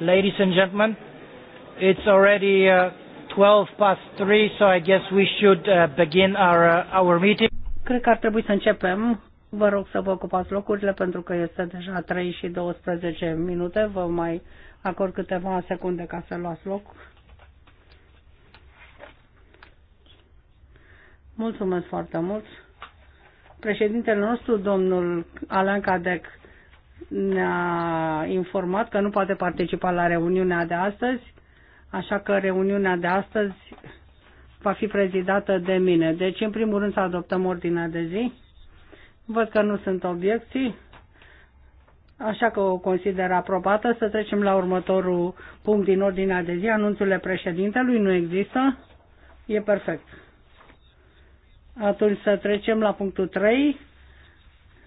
Ladies and gentlemen, it's already uh, 12 past 3, so I guess we should uh, begin our, uh, our meeting. Cred că ar trebui să începem. Vă rog să vă ocupați locurile pentru că este deja 3 și 12 minute. Vă mai acord câteva secunde ca să luați loc. Mulțumesc foarte mult. Președintele nostru, domnul Alan Cadec, ne-a informat că nu poate participa la reuniunea de astăzi, așa că reuniunea de astăzi va fi prezidată de mine. Deci, în primul rând, să adoptăm ordinea de zi. Văd că nu sunt obiecții, așa că o consider aprobată. Să trecem la următorul punct din ordinea de zi. Anunțurile președintelui nu există. E perfect. Atunci să trecem la punctul 3,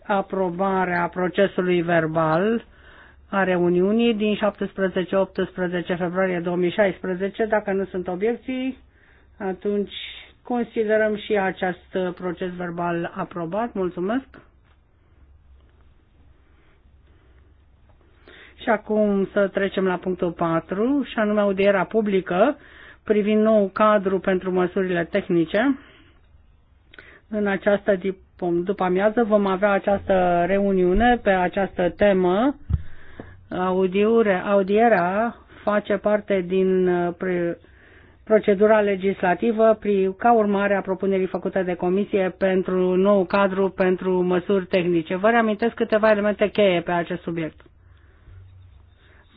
aprobarea procesului verbal a reuniunii din 17-18 februarie 2016. Dacă nu sunt obiecții, atunci considerăm și acest proces verbal aprobat. Mulțumesc! Și acum să trecem la punctul 4, și anume audierea publică privind nou cadru pentru măsurile tehnice. În această după amiază vom avea această reuniune pe această temă. Audiure, audiera face parte din uh, pre, procedura legislativă pri, ca urmare a propunerii făcute de comisie pentru nou cadru pentru măsuri tehnice. Vă reamintesc câteva elemente cheie pe acest subiect.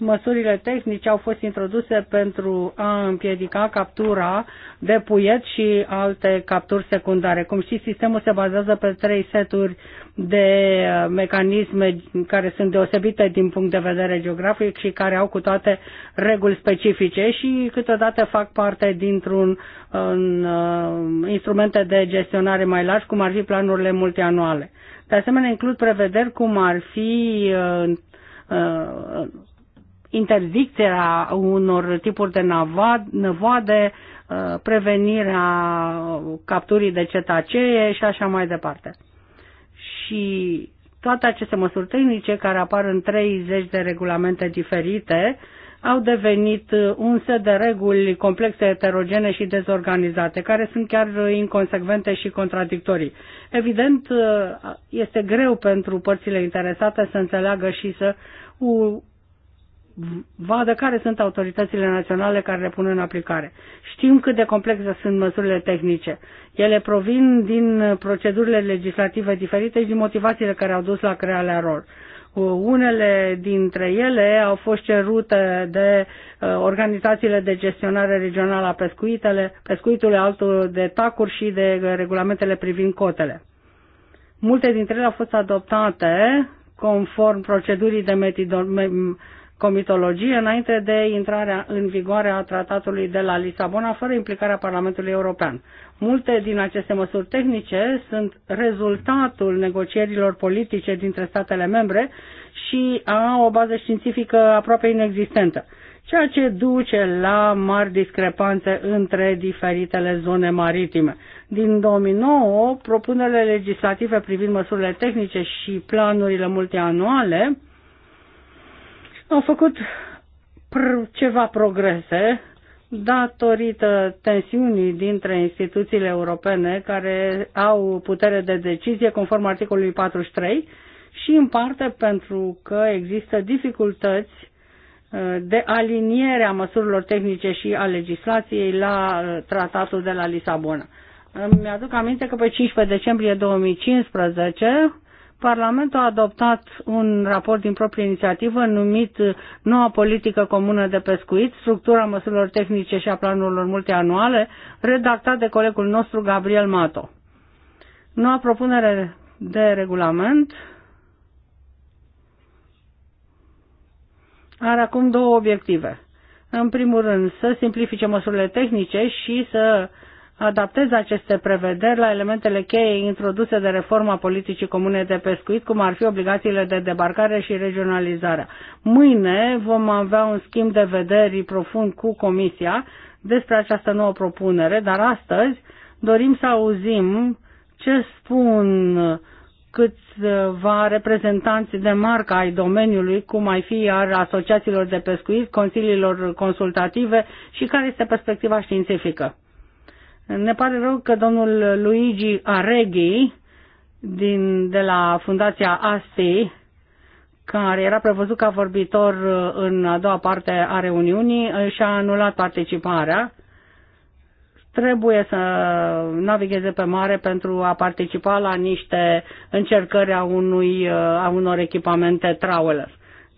Măsurile tehnice au fost introduse pentru a împiedica captura de puiet și alte capturi secundare. Cum știți, sistemul se bazează pe trei seturi de mecanisme care sunt deosebite din punct de vedere geografic și care au cu toate reguli specifice și câteodată fac parte dintr-un uh, instrumente de gestionare mai largi, cum ar fi planurile multianuale. De asemenea, includ prevederi cum ar fi uh, uh, interdicția unor tipuri de năvoade, uh, prevenirea capturii de cetacee și așa mai departe. Și toate aceste măsuri tehnice care apar în 30 de regulamente diferite au devenit un set de reguli complexe, heterogene și dezorganizate, care sunt chiar inconsecvente și contradictorii. Evident, este greu pentru părțile interesate să înțeleagă și să vadă care sunt autoritățile naționale care le pun în aplicare. Știm cât de complexe sunt măsurile tehnice. Ele provin din procedurile legislative diferite și din motivațiile care au dus la crearea lor. Uh, unele dintre ele au fost cerute de uh, organizațiile de gestionare regională a pescuitului, altul de tacuri și de uh, regulamentele privind cotele. Multe dintre ele au fost adoptate conform procedurii de comitologie înainte de intrarea în vigoare a tratatului de la Lisabona fără implicarea Parlamentului European. Multe din aceste măsuri tehnice sunt rezultatul negocierilor politice dintre statele membre și au o bază științifică aproape inexistentă, ceea ce duce la mari discrepanțe între diferitele zone maritime. Din 2009, propunerile legislative privind măsurile tehnice și planurile multianuale au făcut pr- ceva progrese datorită tensiunii dintre instituțiile europene care au putere de decizie conform articolului 43 și în parte pentru că există dificultăți uh, de aliniere a măsurilor tehnice și a legislației la uh, tratatul de la Lisabona. Mi-aduc aminte că pe 15 decembrie 2015 Parlamentul a adoptat un raport din proprie inițiativă numit Noua politică comună de pescuit, structura măsurilor tehnice și a planurilor multianuale, redactat de colegul nostru Gabriel Mato. Noua propunere de regulament are acum două obiective. În primul rând, să simplifice măsurile tehnice și să uh, adapteze aceste prevederi la elementele cheie introduse de reforma politicii comune de pescuit, cum ar fi obligațiile de debarcare și regionalizarea. Mâine vom avea un schimb de vederi profund cu Comisia despre această nouă propunere, dar astăzi dorim să auzim ce spun câțiva reprezentanți de marca ai domeniului, cum ai fi ar asociațiilor de pescuit, consiliilor consultative și care este perspectiva științifică. Ne pare rău că domnul Luigi Areghi din, de la Fundația ASTI, care era prevăzut ca vorbitor uh, în a doua parte a reuniunii, uh, și-a anulat participarea. Trebuie să navigheze pe mare pentru a participa la niște încercări a, unui, uh, a unor echipamente trawler.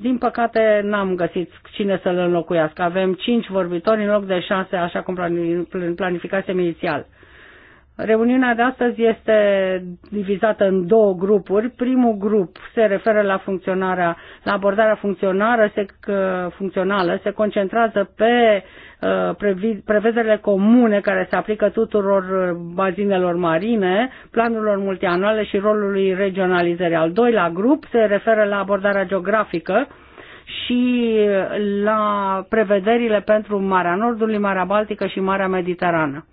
Din păcate, n-am găsit cine să-l înlocuiască. Avem cinci vorbitori în loc de șase, așa cum planificasem inițial. Reuniunea de astăzi este divizată în două grupuri. Primul grup se referă la funcționarea, la abordarea funcțională, se, funcțională, se concentrează pe Uh, prevederile comune care se aplică tuturor uh, bazinelor marine, planurilor multianuale și rolului regionalizării. Al doilea grup se referă la abordarea geografică și la prevederile pentru Marea Nordului, Marea Baltică și Marea Mediterană.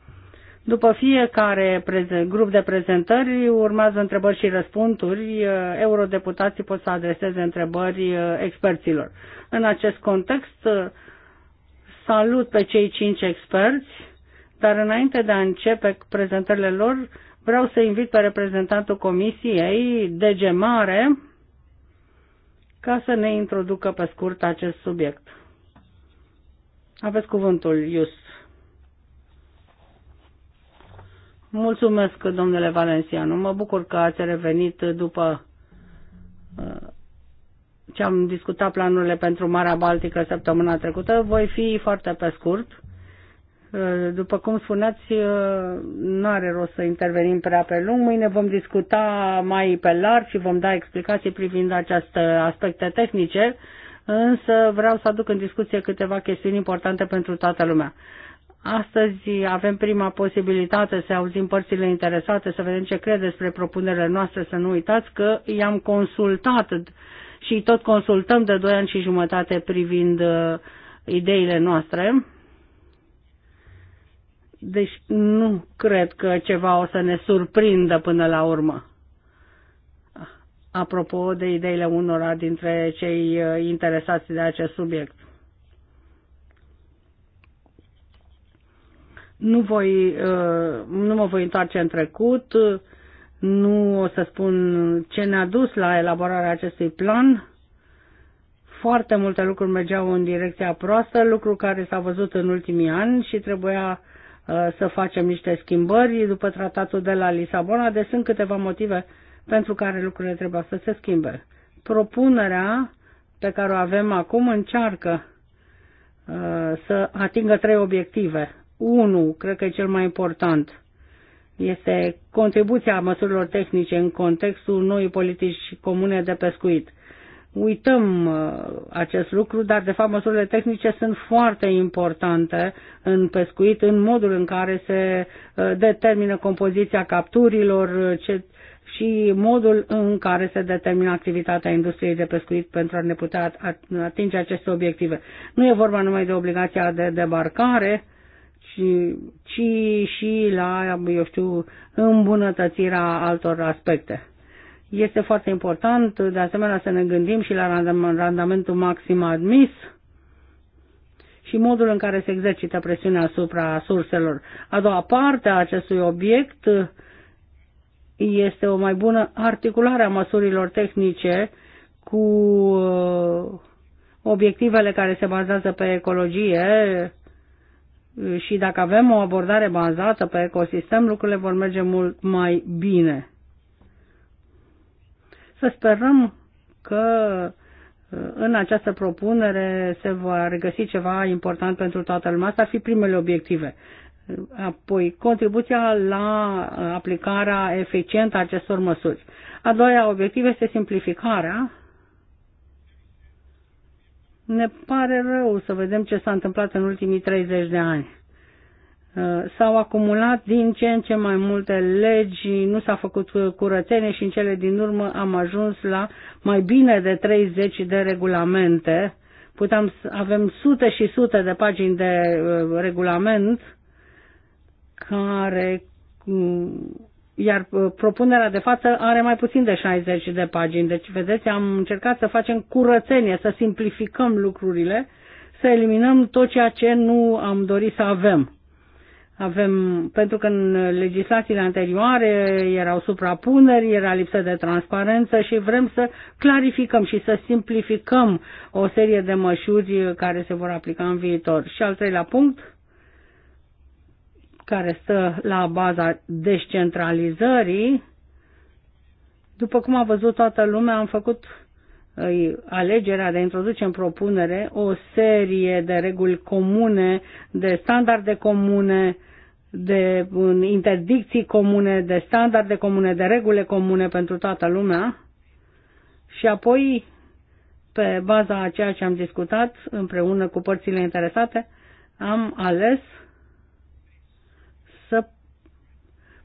După fiecare grup de prezentări urmează întrebări și răspunsuri. Uh, eurodeputații pot să adreseze întrebări experților. În acest context, Salut pe cei cinci experți, dar înainte de a începe prezentările lor, vreau să invit pe reprezentantul Comisiei, de gemare ca să ne introducă pe scurt acest subiect. Aveți cuvântul, Ius. Mulțumesc, domnule Valenciano. Mă bucur că ați revenit după uh, ce am discutat planurile pentru Marea Baltică săptămâna trecută. Voi fi foarte pe scurt. Uh, după cum spuneați, uh, nu are rost să intervenim prea pe lung. Mâine vom discuta mai pe larg și vom da explicații privind aceste aspecte tehnice, însă vreau să aduc în discuție câteva chestiuni importante pentru toată lumea. Astăzi avem prima posibilitate să auzim părțile interesate, să vedem ce cred despre propunerile noastre, să nu uitați că i-am consultat și tot consultăm de 2 ani și jumătate privind uh, ideile noastre. Deci nu cred că ceva o să ne surprindă până la urmă. Apropo de ideile unora dintre cei uh, interesați de acest subiect. Nu, voi, uh, nu mă voi întoarce în trecut, nu o să spun ce ne-a dus la elaborarea acestui plan. Foarte multe lucruri mergeau în direcția proastă, lucru care s-a văzut în ultimii ani și trebuia uh, să facem niște schimbări după tratatul de la Lisabona, deci sunt câteva motive pentru care lucrurile trebuie să se schimbe. Propunerea pe care o avem acum încearcă uh, să atingă trei obiective. Unu, cred că e cel mai important, este contribuția măsurilor tehnice în contextul noii politici comune de pescuit. Uităm uh, acest lucru, dar de fapt măsurile tehnice sunt foarte importante în pescuit, în modul în care se uh, determină compoziția capturilor uh, ce, și modul în care se determină activitatea industriei de pescuit pentru a ne putea atinge aceste obiective. Nu e vorba numai de obligația de debarcare, și, ci și la, eu știu, îmbunătățirea altor aspecte. Este foarte important, de asemenea, să ne gândim și la randamentul maxim admis și modul în care se exercită presiunea asupra surselor. A doua parte a acestui obiect este o mai bună articulare a măsurilor tehnice cu uh, obiectivele care se bazează pe ecologie, și dacă avem o abordare bazată pe ecosistem, lucrurile vor merge mult mai bine. Să sperăm că uh, în această propunere se va regăsi ceva important pentru toată lumea. Asta ar fi primele obiective. Uh, apoi, contribuția la uh, aplicarea eficientă a acestor măsuri. A doua obiectiv este simplificarea ne pare rău să vedem ce s-a întâmplat în ultimii 30 de ani. Uh, s-au acumulat din ce în ce mai multe legi, nu s-a făcut curățenie și în cele din urmă am ajuns la mai bine de 30 de regulamente. Puteam, avem sute și sute de pagini de uh, regulament care mm, iar uh, propunerea de față are mai puțin de 60 de pagini. Deci, vedeți, am încercat să facem curățenie, să simplificăm lucrurile, să eliminăm tot ceea ce nu am dorit să avem. Avem, pentru că în legislațiile anterioare erau suprapuneri, era lipsă de transparență și vrem să clarificăm și să simplificăm o serie de măsuri care se vor aplica în viitor. Și al treilea punct, care stă la baza descentralizării. După cum a văzut toată lumea, am făcut alegerea de a introduce în propunere o serie de reguli comune, de standarde comune, de interdicții comune, de standarde comune, de regule comune pentru toată lumea și apoi, pe baza a ceea ce am discutat împreună cu părțile interesate, am ales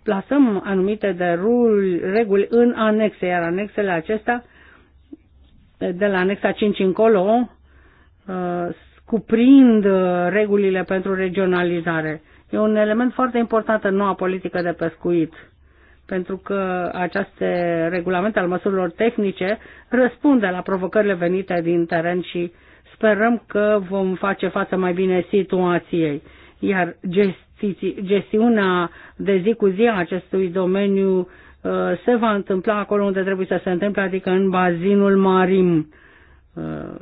plasăm anumite de ruli, reguli în anexe, iar anexele acestea, de la anexa 5 încolo, uh, cuprind uh, regulile pentru regionalizare. E un element foarte important în noua politică de pescuit, pentru că aceste regulamente al măsurilor tehnice răspunde la provocările venite din teren și sperăm că vom face față mai bine situației. Iar gest investiții. Gestiunea de zi cu zi a acestui domeniu uh, se va întâmpla acolo unde trebuie să se întâmple, adică în bazinul marim. Uh,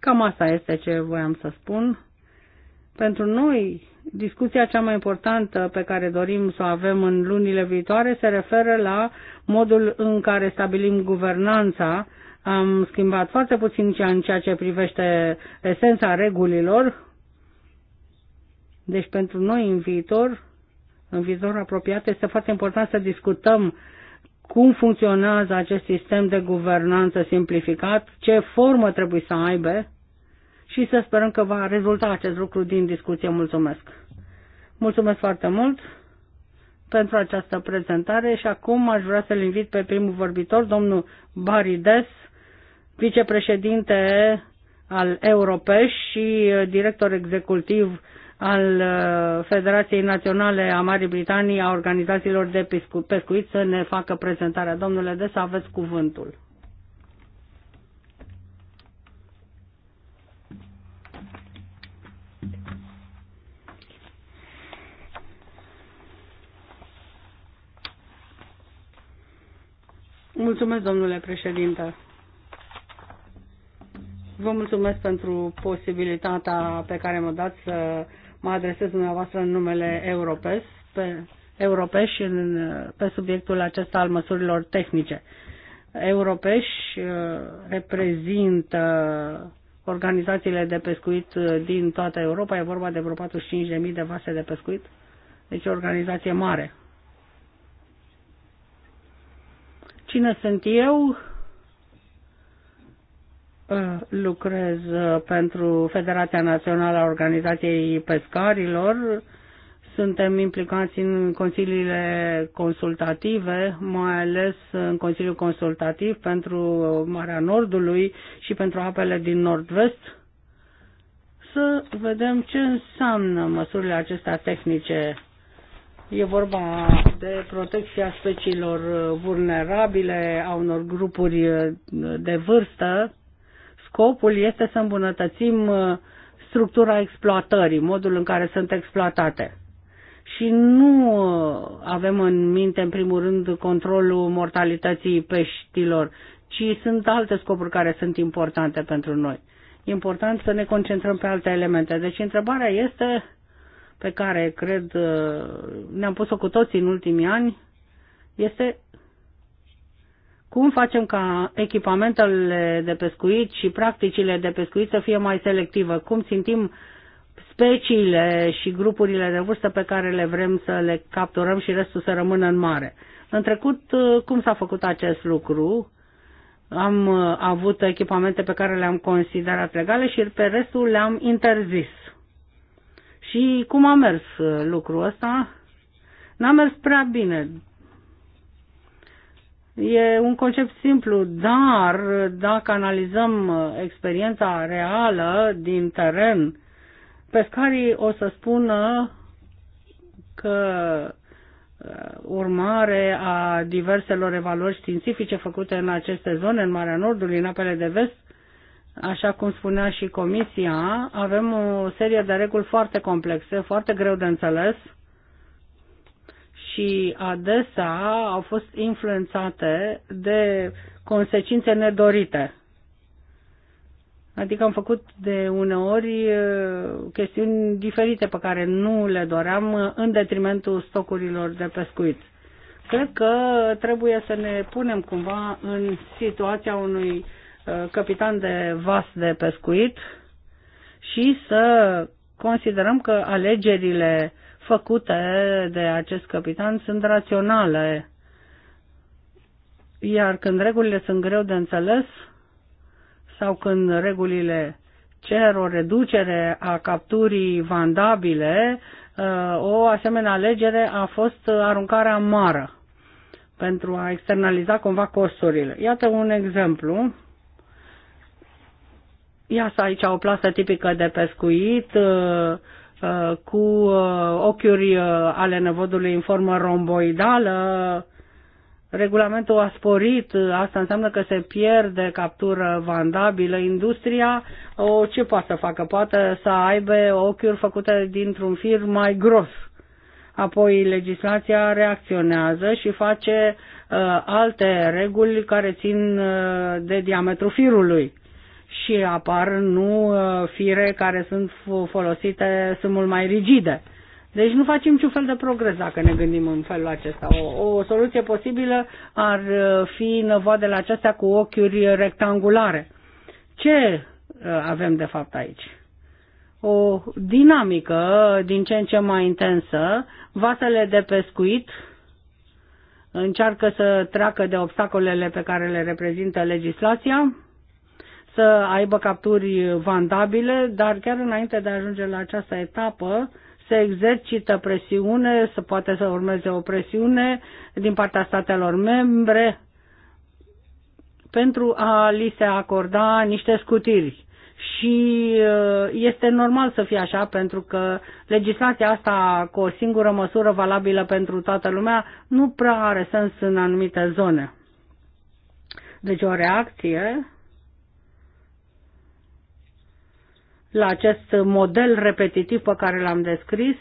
cam asta este ce voiam să spun. Pentru noi, discuția cea mai importantă pe care dorim să o avem în lunile viitoare se referă la modul în care stabilim guvernanța am schimbat foarte puțin în ceea ce privește esența regulilor. Deci pentru noi în viitor, în viitor apropiat, este foarte important să discutăm cum funcționează acest sistem de guvernanță simplificat, ce formă trebuie să aibă și să sperăm că va rezulta acest lucru din discuție. Mulțumesc! Mulțumesc foarte mult pentru această prezentare și acum aș vrea să-l invit pe primul vorbitor, domnul Barides, vicepreședinte al Europeș și uh, director executiv al uh, Federației Naționale a Marii Britanii a organizațiilor de pescuit să ne facă prezentarea. Domnule să aveți cuvântul. Mulțumesc, domnule președinte. Vă mulțumesc pentru posibilitatea pe care mă dați să mă adresez dumneavoastră în numele Europes, pe, Europeș și în, pe subiectul acesta al măsurilor tehnice. Europeș uh, reprezintă organizațiile de pescuit din toată Europa, e vorba de vreo 45.000 de vase de pescuit, deci o organizație mare. Cine sunt eu? Eh, lucrez eh, pentru Federația Națională a Organizației Pescarilor. Suntem implicați în consiliile consultative, mai ales în Consiliul Consultativ pentru Marea Nordului și pentru apele din Nord-Vest, să vedem ce înseamnă măsurile acestea tehnice. E vorba de protecția speciilor vulnerabile, a unor grupuri eh, de vârstă, Scopul este să îmbunătățim uh, structura exploatării, modul în care sunt exploatate. Și nu uh, avem în minte, în primul rând, controlul mortalității peștilor, ci sunt alte scopuri care sunt importante pentru noi. E important să ne concentrăm pe alte elemente. Deci întrebarea este pe care cred uh, ne-am pus-o cu toții în ultimii ani, este cum facem ca echipamentele de pescuit și practicile de pescuit să fie mai selective? Cum simtim speciile și grupurile de vârstă pe care le vrem să le capturăm și restul să rămână în mare? În trecut, uh, cum s-a făcut acest lucru? Am uh, avut echipamente pe care le-am considerat legale și pe restul le-am interzis. Și cum a mers uh, lucrul ăsta? N-a mers prea bine. E un concept simplu, dar dacă analizăm experiența reală din teren, pescarii o să spună că uh, urmare a diverselor evaluări științifice făcute în aceste zone, în Marea Nordului, în apele de vest, așa cum spunea și Comisia, avem o serie de reguli foarte complexe, foarte greu de înțeles, și adesea au fost influențate de consecințe nedorite. Adică am făcut de uneori uh, chestiuni diferite pe care nu le doream uh, în detrimentul stocurilor de pescuit. Cred că trebuie să ne punem cumva în situația unui uh, capitan de vas de pescuit și să considerăm că alegerile uh, făcute de acest capitan sunt raționale. Iar când regulile sunt greu de înțeles sau când regulile cer o reducere a capturii vandabile, uh, o asemenea alegere a fost aruncarea mară pentru a externaliza cumva costurile. Iată un exemplu. Iasă aici o plasă tipică de pescuit, uh, cu uh, ochiuri uh, ale nevodului în formă romboidală. Regulamentul a sporit, asta înseamnă că se pierde captură vandabilă. Industria o, ce poate să facă? Poate să aibă ochiuri făcute dintr-un fir mai gros. Apoi legislația reacționează și face uh, alte reguli care țin uh, de diametru firului și apar nu uh, fire care sunt folosite, sunt mult mai rigide. Deci nu facem niciun fel de progres dacă ne gândim în felul acesta. O, o soluție posibilă ar uh, fi năvoadele acestea cu ochiuri rectangulare. Ce uh, avem de fapt aici? O dinamică din ce în ce mai intensă, vasele de pescuit încearcă să treacă de obstacolele pe care le reprezintă legislația, să aibă capturi vandabile, dar chiar înainte de a ajunge la această etapă, se exercită presiune, se poate să urmeze o presiune din partea statelor membre pentru a li se acorda niște scutiri. Și uh, este normal să fie așa, pentru că legislația asta cu o singură măsură valabilă pentru toată lumea nu prea are sens în anumite zone. Deci o reacție la acest model repetitiv pe care l-am descris,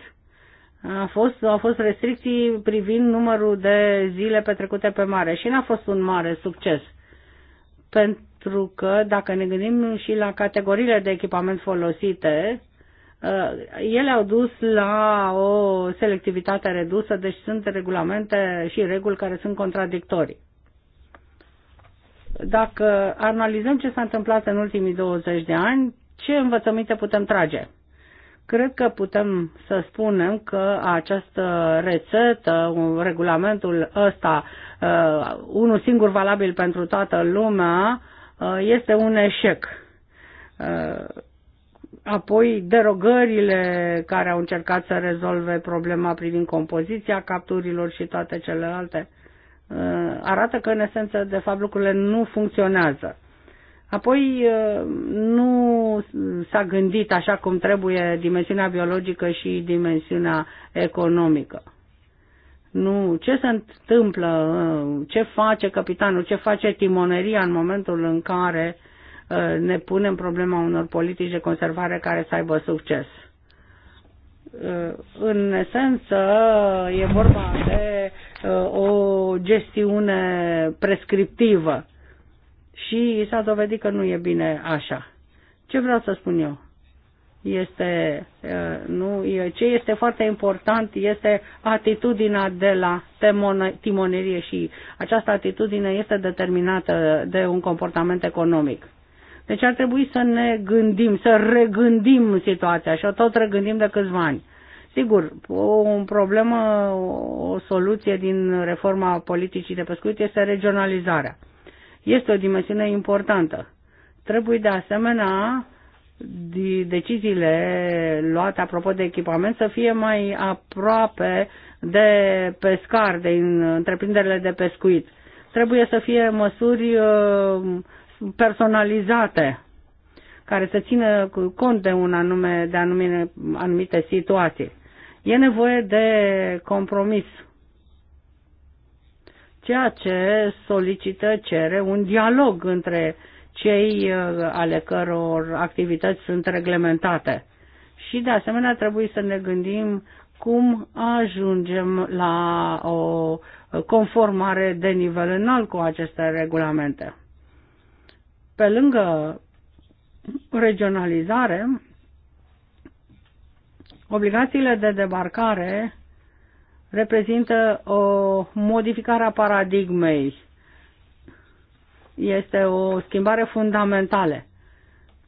a fost, au fost restricții privind numărul de zile petrecute pe mare și n-a fost un mare succes. Pentru că dacă ne gândim și la categoriile de echipament folosite, ă, ele au dus la o selectivitate redusă, deci sunt regulamente și reguli care sunt contradictorii. Dacă analizăm ce s-a întâmplat în ultimii 20 de ani, ce învățăminte putem trage? Cred că putem să spunem că această rețetă, regulamentul ăsta, uh, unul singur valabil pentru toată lumea, uh, este un eșec. Uh, apoi derogările care au încercat să rezolve problema privind compoziția capturilor și toate celelalte arată că, în esență, de fapt, lucrurile nu funcționează. Apoi uh, nu s-a gândit așa cum trebuie dimensiunea biologică și dimensiunea economică. Nu, ce se întâmplă, uh, ce face capitanul, ce face timoneria în momentul în care uh, ne punem problema unor politici de conservare care să aibă succes. În esență, e vorba de o gestiune prescriptivă și s-a dovedit că nu e bine așa. Ce vreau să spun eu? Este, nu, ce este foarte important este atitudinea de la timonerie și această atitudine este determinată de un comportament economic. Deci ar trebui să ne gândim, să regândim situația și o tot regândim de câțiva ani. Sigur, o problemă, o soluție din reforma politicii de pescuit este regionalizarea. Este o dimensiune importantă. Trebuie de asemenea deciziile luate apropo de echipament să fie mai aproape de pescar, de întreprinderile de pescuit. Trebuie să fie măsuri uh, personalizate care să țină cont de, un anume, de anume, anumite situații. E nevoie de compromis ceea ce solicită, cere un dialog între cei uh, ale căror activități sunt reglementate. Și de asemenea trebuie să ne gândim cum ajungem la o conformare de nivel înalt cu aceste regulamente. Pe lângă regionalizare, obligațiile de debarcare reprezintă o modificare a paradigmei. Este o schimbare fundamentală.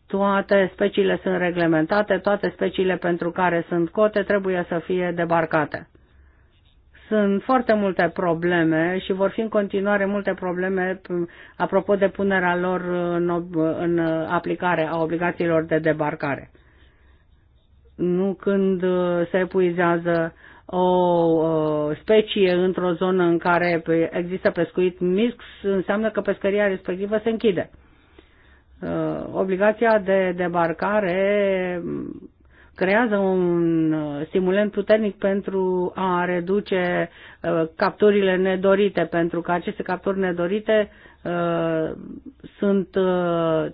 Toate speciile sunt reglementate, toate speciile pentru care sunt cote trebuie să fie debarcate. Sunt foarte multe probleme și vor fi în continuare multe probleme apropo de punerea lor în, în aplicare a obligațiilor de debarcare. Nu când se epuizează o specie într-o zonă în care există pescuit mix, înseamnă că pescăria respectivă se închide. Uh, obligația de debarcare creează un stimulant puternic pentru a reduce uh, capturile nedorite, pentru că aceste capturi nedorite uh, sunt,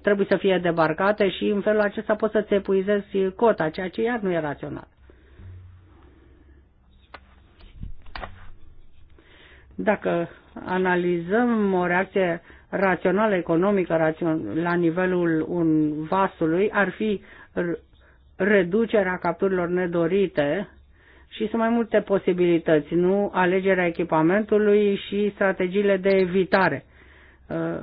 trebuie să fie debarcate și în felul acesta poți să-ți epuizezi cota, ceea ce iar nu e rațional. Dacă analizăm o reacție rațională economică rațion, la nivelul un vasului, ar fi reducerea capturilor nedorite și sunt mai multe posibilități, nu alegerea echipamentului și strategiile de evitare. Uh,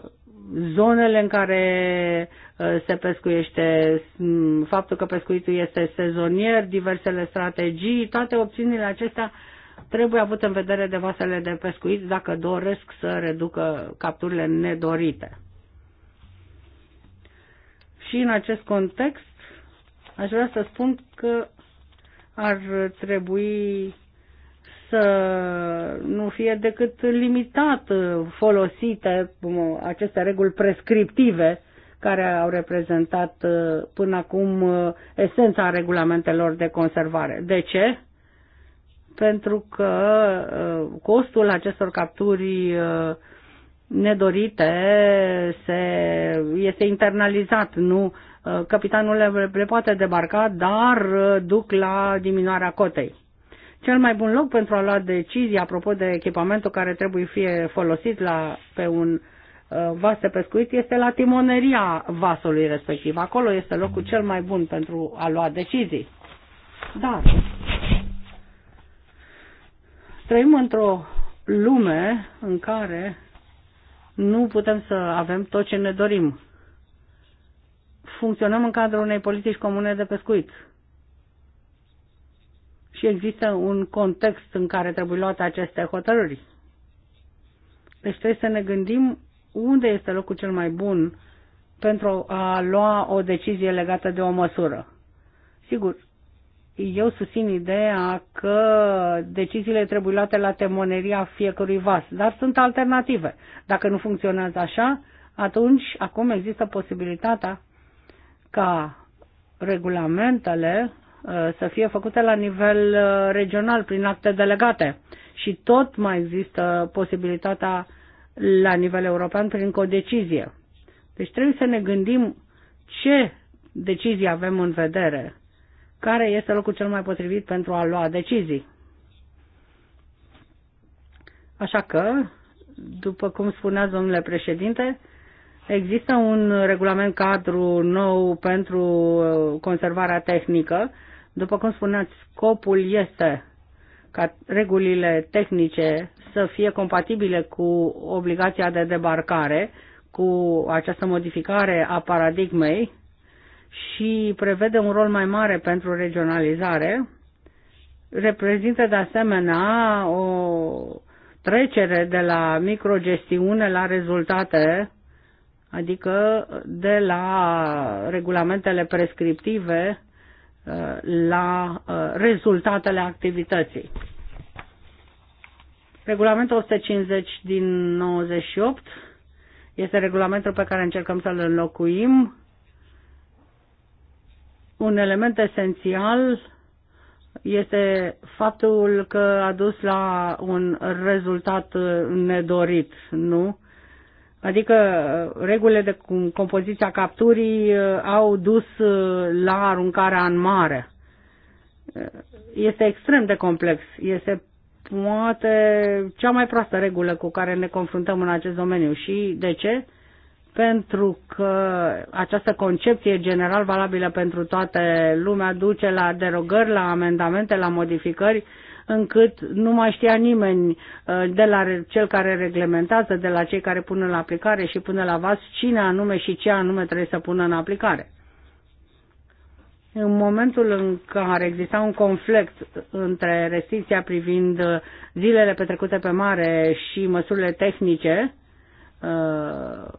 zonele în care uh, se pescuiește, mm, faptul că pescuitul este sezonier, diversele strategii, toate opțiunile acestea trebuie avut în vedere de vasele de pescuit dacă doresc să reducă capturile nedorite. Și în acest context aș vrea să spun că ar trebui să nu fie decât limitat folosite aceste reguli prescriptive care au reprezentat uh, până acum uh, esența regulamentelor de conservare. De ce? pentru că uh, costul acestor capturi uh, nedorite se, este internalizat, nu uh, capitanul le, le poate debarca, dar duc la diminuarea cotei. Cel mai bun loc pentru a lua decizii apropo de echipamentul care trebuie fie folosit la, pe un vas de pescuit este la timoneria vasului respectiv. Acolo este locul cel mai bun pentru a lua decizii. Dar Trăim într-o lume în care nu putem să avem tot ce ne dorim. Funcționăm în cadrul unei politici comune de pescuit. Și există un context în care trebuie luate aceste hotărâri. Deci trebuie să ne gândim unde este locul cel mai bun pentru a lua o decizie legată de o măsură. Sigur, eu susțin ideea că deciziile trebuie luate la temoneria fiecărui vas, dar sunt alternative. Dacă nu funcționează așa, atunci acum există posibilitatea ca regulamentele uh, să fie făcute la nivel uh, regional prin acte delegate și tot mai există posibilitatea la nivel european prin codecizie. Deci trebuie să ne gândim ce decizii avem în vedere care este locul cel mai potrivit pentru a lua decizii. Așa că, după cum spunea domnule președinte, există un regulament cadru nou pentru uh, conservarea tehnică. După cum spuneați, scopul este ca regulile tehnice să fie compatibile cu obligația de debarcare, cu această modificare a paradigmei și prevede un rol mai mare pentru regionalizare, reprezintă de asemenea o trecere de la microgestiune la rezultate, adică de la regulamentele prescriptive uh, la uh, rezultatele activității. Regulamentul 150 din 98 este regulamentul pe care încercăm să-l înlocuim un element esențial este faptul că a dus la un rezultat nedorit, nu? Adică uh, regulile de compoziția capturii uh, au dus uh, la aruncarea în mare. Este extrem de complex. Este poate cea mai proastă regulă cu care ne confruntăm în acest domeniu. Și de ce? pentru că această concepție general valabilă pentru toată lumea duce la derogări, la amendamente, la modificări, încât nu mai știa nimeni uh, de la cel care reglementează, de la cei care pun în aplicare și până la vas, cine anume și ce anume trebuie să pună în aplicare. În momentul în care exista un conflict între restricția privind zilele petrecute pe mare și măsurile tehnice, uh,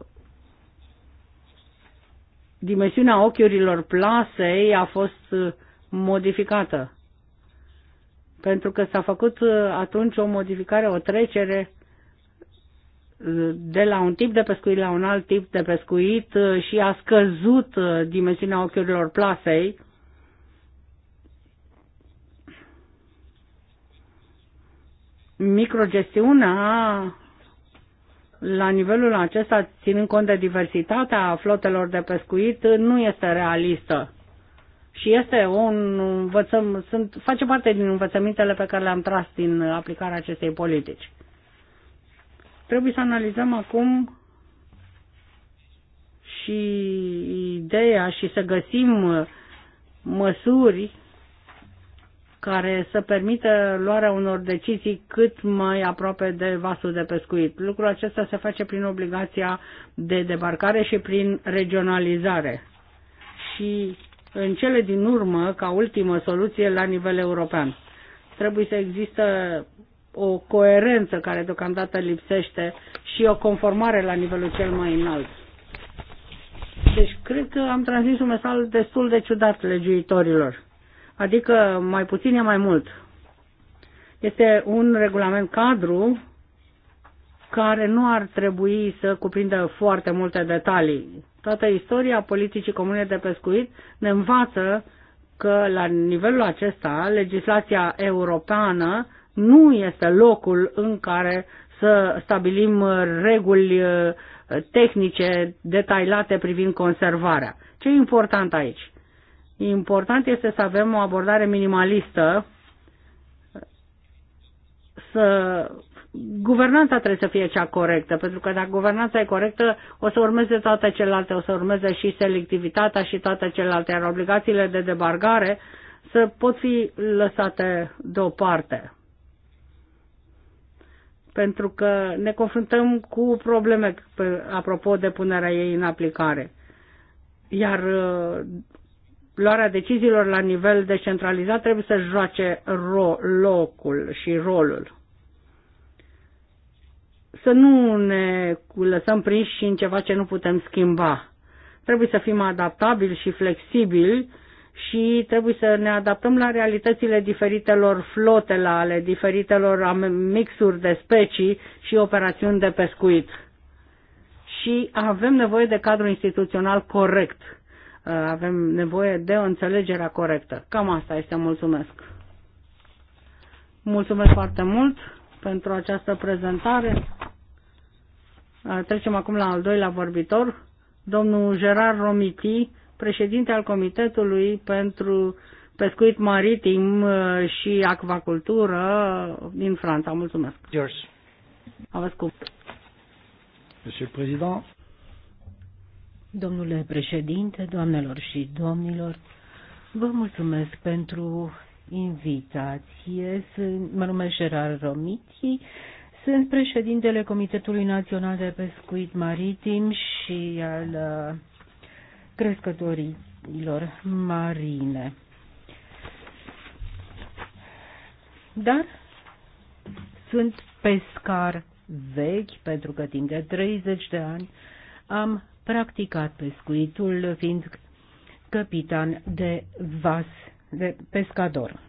dimensiunea ochiurilor plasei a fost uh, modificată. Pentru că s-a făcut uh, atunci o modificare, o trecere uh, de la un tip de pescuit la un alt tip de pescuit și a scăzut dimensiunea ochiurilor plasei. Microgestiunea la nivelul acesta, ținând cont de diversitatea flotelor de pescuit, nu este realistă. Și este un învățăm, sunt, face parte din învățămintele pe care le-am tras din aplicarea acestei politici. Trebuie să analizăm acum și ideea și să găsim măsuri care să permită luarea unor decizii cât mai aproape de vasul de pescuit. Lucrul acesta se face prin obligația de debarcare și prin regionalizare. Și în cele din urmă, ca ultimă soluție la nivel european, trebuie să există o coerență care deocamdată lipsește și o conformare la nivelul cel mai înalt. Deci cred că am transmis un mesaj destul de ciudat legiuitorilor adică mai puțin e mai mult. Este un regulament cadru care nu ar trebui să cuprindă foarte multe detalii. Toată istoria politicii comune de pescuit ne învață că la nivelul acesta legislația europeană nu este locul în care să stabilim reguli eh, tehnice detaliate privind conservarea. Ce e important aici? Important este să avem o abordare minimalistă, să guvernanța trebuie să fie cea corectă, pentru că dacă guvernanța e corectă, o să urmeze toate celelalte, o să urmeze și selectivitatea și toate celelalte, iar obligațiile de debargare să pot fi lăsate deoparte. Pentru că ne confruntăm cu probleme apropo de punerea ei în aplicare. Iar uh, luarea deciziilor la nivel decentralizat trebuie să joace ro- locul și rolul. Să nu ne lăsăm prinși în ceva ce nu putem schimba. Trebuie să fim adaptabili și flexibili și trebuie să ne adaptăm la realitățile diferitelor flote, la ale diferitelor mixuri de specii și operațiuni de pescuit. Și avem nevoie de cadru instituțional corect Uh, avem nevoie de o înțelegere corectă. Cam asta este. Mulțumesc! Mulțumesc foarte mult pentru această prezentare. Uh, trecem acum la al doilea vorbitor, domnul Gerard Romiti, președinte al Comitetului pentru Pescuit Maritim uh, și Acvacultură din Franța. Mulțumesc. George. Aveți cuvânt. Monsieur le Président. Domnule președinte, doamnelor și domnilor, vă mulțumesc pentru invitație. Sunt, mă numesc Gerard Romiti, sunt președintele Comitetului Național de Pescuit Maritim și al uh, crescătorilor marine. Dar sunt pescar vechi, pentru că timp de 30 de ani am practicat pescuitul fiind capitan de vas de pescador.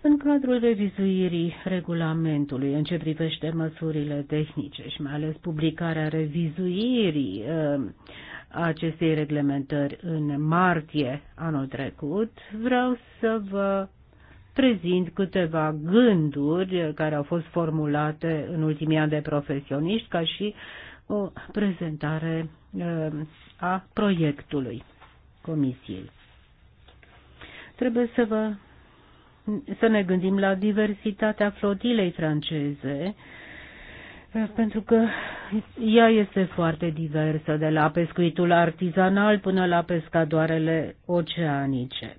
În cadrul revizuirii regulamentului în ce privește măsurile tehnice și mai ales publicarea revizuirii uh, acestei reglementări în martie anul trecut, vreau să vă prezint câteva gânduri care au fost formulate în ultimii ani de profesioniști ca și uh, o prezentare uh, a proiectului Comisiei. Trebuie să vă să ne gândim la diversitatea flotilei franceze, uh, pentru că ea este foarte diversă, de la pescuitul artizanal până la pescadoarele oceanice.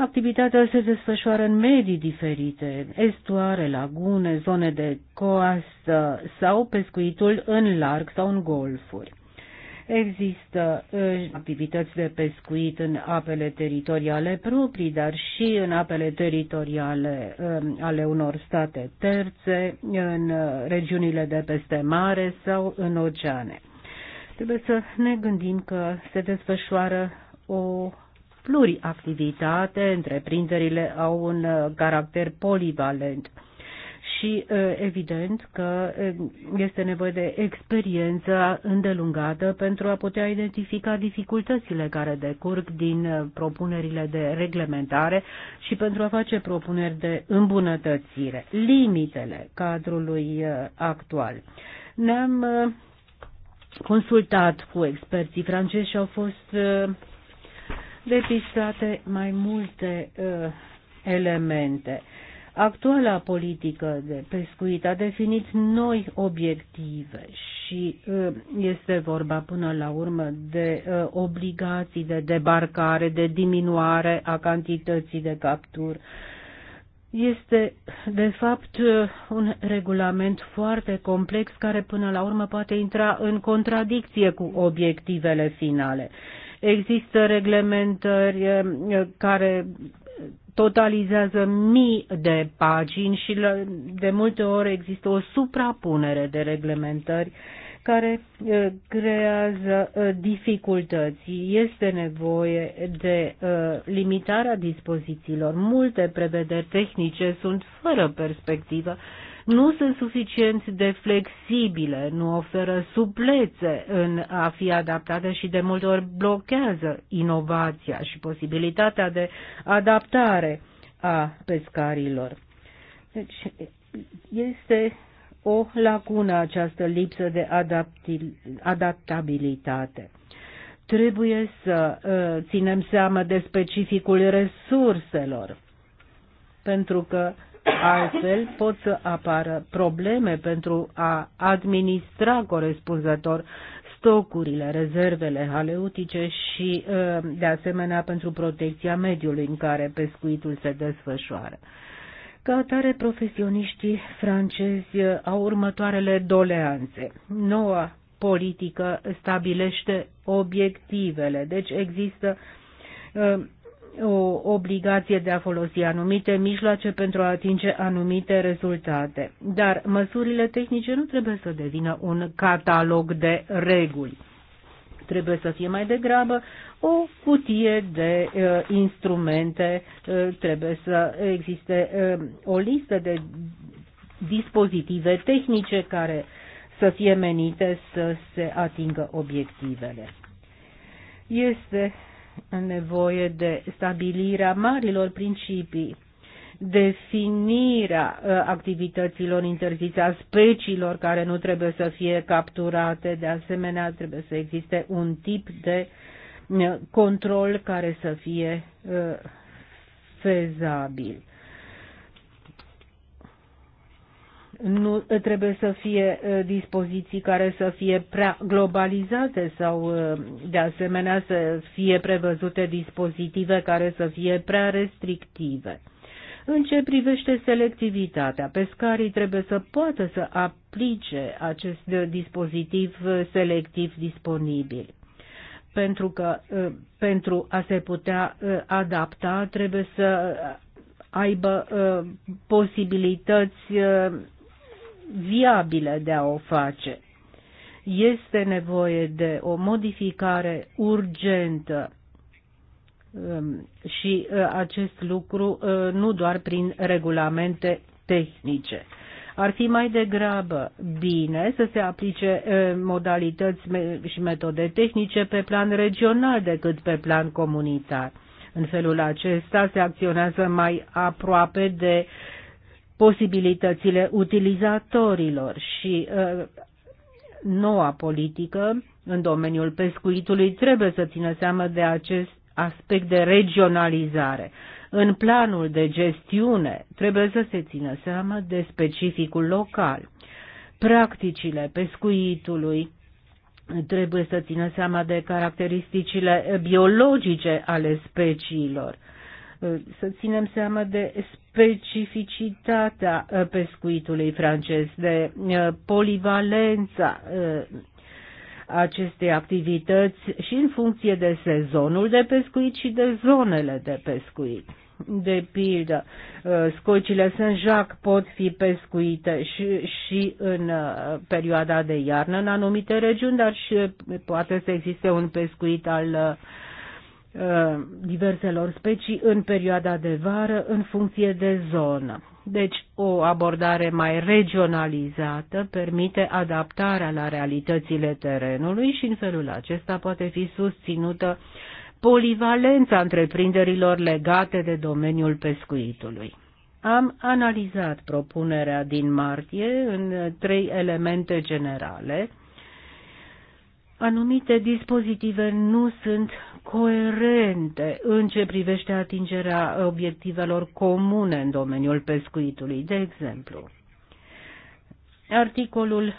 Activitatea se desfășoară în medii diferite, estuare, lagune, zone de coastă sau pescuitul în larg sau în golfuri. Există ă, activități de pescuit în apele teritoriale proprii, dar și în apele teritoriale ă, ale unor state terțe, în regiunile de peste mare sau în oceane. Trebuie să ne gândim că se desfășoară o pluriactivitate, întreprinderile au un uh, caracter polivalent și uh, evident că uh, este nevoie de experiență îndelungată pentru a putea identifica dificultățile care decurg din propunerile de reglementare și pentru a face propuneri de îmbunătățire. Limitele cadrului actual. Ne-am consultat cu experții francezi și au fost depistate mai multe uh, elemente. Actuala politică de pescuit a definit noi obiective și uh, este vorba până la urmă de uh, obligații de debarcare, de diminuare a cantității de capturi. Este, de fapt, uh, un regulament foarte complex care până la urmă poate intra în contradicție cu obiectivele finale. Există reglementări eh, care totalizează mii de pagini și de multe ori există o suprapunere de reglementări care eh, creează eh, dificultăți. Este nevoie de limitarea dispozițiilor. Multe prevederi tehnice sunt fără perspectivă nu sunt suficient de flexibile, nu oferă suplețe în a fi adaptate și de multe ori blochează inovația și posibilitatea de adaptare a pescarilor. Deci este o lacună această lipsă de adaptabilitate trebuie să ă, ținem seama de specificul resurselor, pentru că Altfel pot să apară probleme pentru a administra corespunzător stocurile, rezervele haleutice și, ă, de asemenea, pentru protecția mediului în care pescuitul se desfășoară. Ca atare, profesioniștii francezi au următoarele doleanțe. Noua politică stabilește obiectivele, deci există ă, o obligație de a folosi anumite mijloace pentru a atinge anumite rezultate. Dar măsurile tehnice nu trebuie să devină un catalog de reguli. Trebuie să fie mai degrabă o cutie de uh, instrumente, uh, trebuie să existe uh, o listă de dispozitive tehnice care să fie menite să se atingă obiectivele. Este nevoie de stabilirea marilor principii, definirea uh, activităților interzise, a speciilor care nu trebuie să fie capturate, de asemenea trebuie să existe un tip de uh, control care să fie uh, fezabil. nu ă, trebuie să fie ă, dispoziții care să fie prea globalizate sau ă, de asemenea să fie prevăzute dispozitive care să fie prea restrictive. În ce privește selectivitatea, pescarii trebuie să poată să aplice acest dispozitiv selectiv disponibil. Pentru că pentru a se putea adapta trebuie să aibă posibilități viabile de a o face. Este nevoie de o modificare urgentă um, și uh, acest lucru uh, nu doar prin regulamente tehnice. Ar fi mai degrabă bine să se aplice uh, modalități și metode tehnice pe plan regional decât pe plan comunitar. În felul acesta se acționează mai aproape de posibilitățile utilizatorilor și uh, noua politică în domeniul pescuitului trebuie să țină seamă de acest aspect de regionalizare. În planul de gestiune trebuie să se țină seama de specificul local. Practicile pescuitului trebuie să țină seama de caracteristicile biologice ale speciilor. Uh, să ținem seama de specificitatea uh, pescuitului francez, de uh, polivalența uh, acestei activități și în funcție de sezonul de pescuit și de zonele de pescuit. De pildă, scocile Saint-Jacques pot fi pescuite și, și în perioada de iarnă în anumite regiuni, dar și poate să existe un pescuit al Uh, diverselor specii în perioada de vară în funcție de zonă. Deci o abordare mai regionalizată permite adaptarea la realitățile terenului și în felul acesta poate fi susținută polivalența întreprinderilor legate de domeniul pescuitului. Am analizat propunerea din martie în trei elemente generale. Anumite dispozitive nu sunt coerente în ce privește atingerea obiectivelor comune în domeniul pescuitului. De exemplu, articolul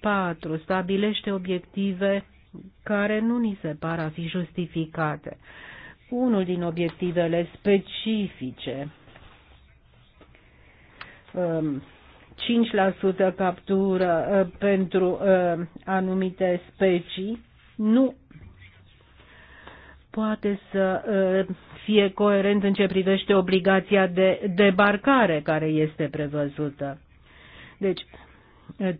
4 stabilește obiective care nu ni se par a fi justificate. Unul din obiectivele specifice 5% um, captură uh, pentru uh, anumite specii nu poate să fie coerent în ce privește obligația de debarcare care este prevăzută. Deci,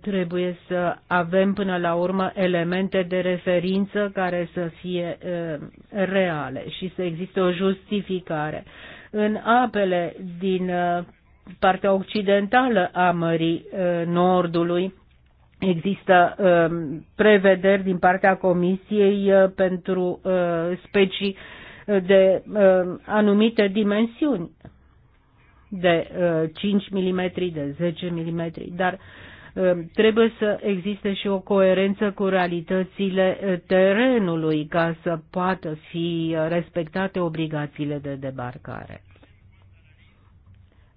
trebuie să avem până la urmă elemente de referință care să fie reale și să existe o justificare. În apele din partea occidentală a Mării Nordului Există um, prevederi din partea Comisiei uh, pentru uh, specii de um, anumite dimensiuni, de 5 uh, mm, de 10 mm, dar um, trebuie să existe și o coerență cu realitățile terenului ca să poată fi respectate obligațiile de debarcare.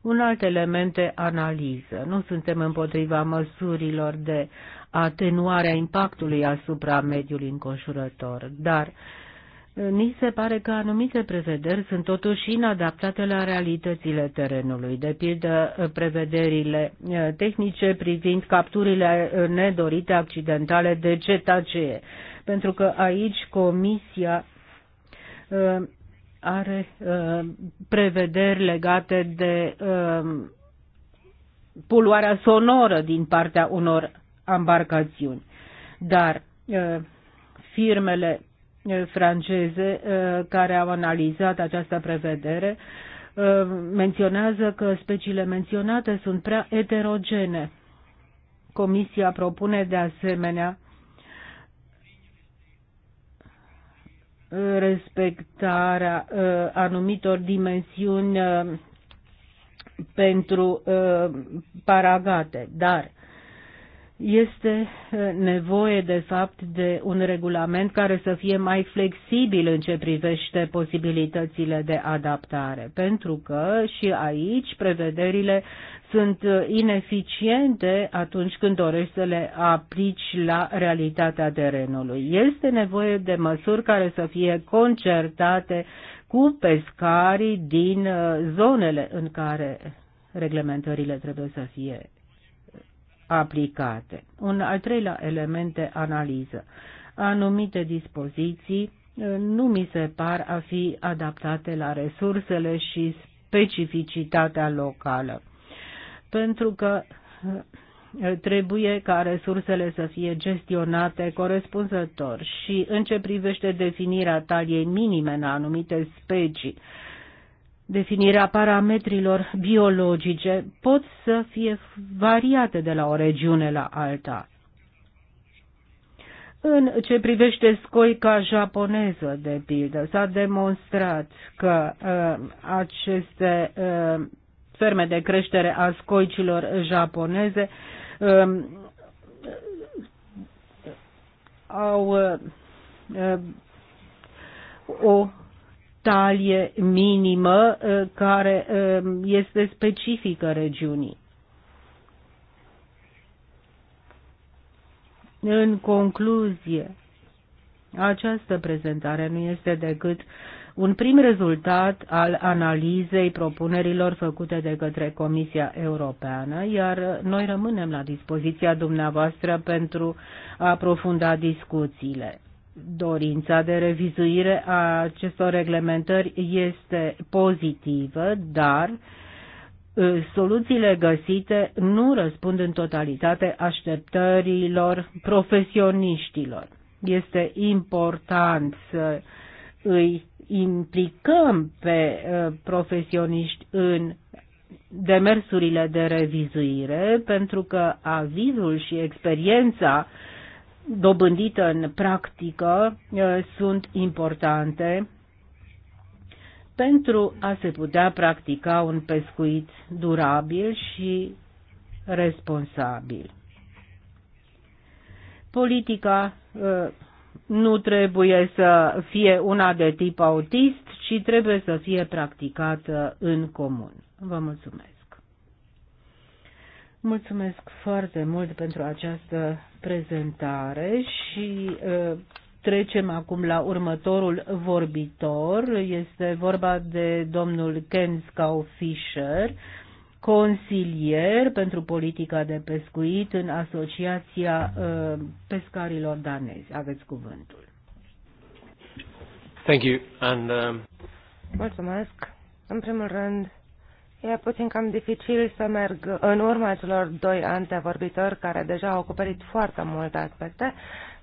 Un alt element de analiză. Nu suntem împotriva măsurilor de atenuare a impactului asupra mediului înconjurător, dar ni se pare că anumite prevederi sunt totuși inadaptate la realitățile terenului, de pildă prevederile tehnice privind capturile nedorite accidentale de cetacee, pentru că aici Comisia are uh, prevederi legate de uh, poluarea sonoră din partea unor ambarcațiuni. Dar uh, firmele uh, franceze uh, care au analizat această prevedere uh, menționează că speciile menționate sunt prea eterogene. Comisia propune de asemenea respectarea uh, anumitor dimensiuni uh, pentru uh, paragate, dar este nevoie de fapt de un regulament care să fie mai flexibil în ce privește posibilitățile de adaptare, pentru că și aici prevederile sunt uh, ineficiente atunci când dorești să le aplici la realitatea terenului. Este nevoie de măsuri care să fie concertate cu pescarii din uh, zonele în care reglementările trebuie să fie uh, aplicate. Un al treilea element de analiză. Anumite dispoziții nu mi se par a fi adaptate la resursele și specificitatea locală pentru că uh, trebuie ca resursele să fie gestionate corespunzător și în ce privește definirea taliei minime în anumite specii, definirea parametrilor biologice pot să fie variate de la o regiune la alta. În ce privește scoica japoneză, de pildă, s-a demonstrat că uh, aceste uh, ferme de creștere a scoicilor japoneze um, au um, o talie minimă uh, care um, este specifică regiunii. În concluzie, această prezentare nu este decât un prim rezultat al analizei propunerilor făcute de către Comisia Europeană, iar noi rămânem la dispoziția dumneavoastră pentru a aprofunda discuțiile. Dorința de revizuire a acestor reglementări este pozitivă, dar ă, soluțiile găsite nu răspund în totalitate așteptărilor profesioniștilor. Este important să îi implicăm pe uh, profesioniști în demersurile de revizuire, pentru că avizul și experiența dobândită în practică uh, sunt importante pentru a se putea practica un pescuit durabil și responsabil. Politica uh, nu trebuie să fie una de tip autist, ci trebuie să fie practicată în comun. Vă mulțumesc! Mulțumesc foarte mult pentru această prezentare și ă, trecem acum la următorul vorbitor. Este vorba de domnul Ken Fisher, consilier pentru politica de pescuit în Asociația uh, Pescarilor Danezi. Aveți cuvântul. Thank you. And, um... Mulțumesc. În primul rând, e puțin cam dificil să merg în urma celor doi antevorbitori care deja au acoperit foarte multe aspecte,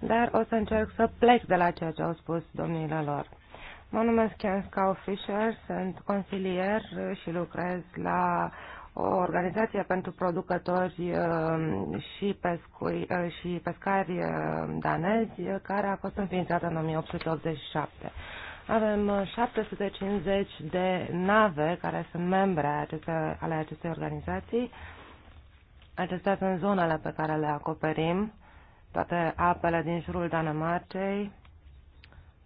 dar o să încerc să plec de la ceea ce au spus domnilor lor. Mă numesc Jan Fisher, sunt consilier și lucrez la uh, Organizația pentru producători uh, și, pescui, uh, și pescari uh, danezi, care a fost înființată în 1887. Avem 750 de nave care sunt membre aceste, ale acestei organizații. Acestea sunt zonele pe care le acoperim, toate apele din jurul Danemarcei,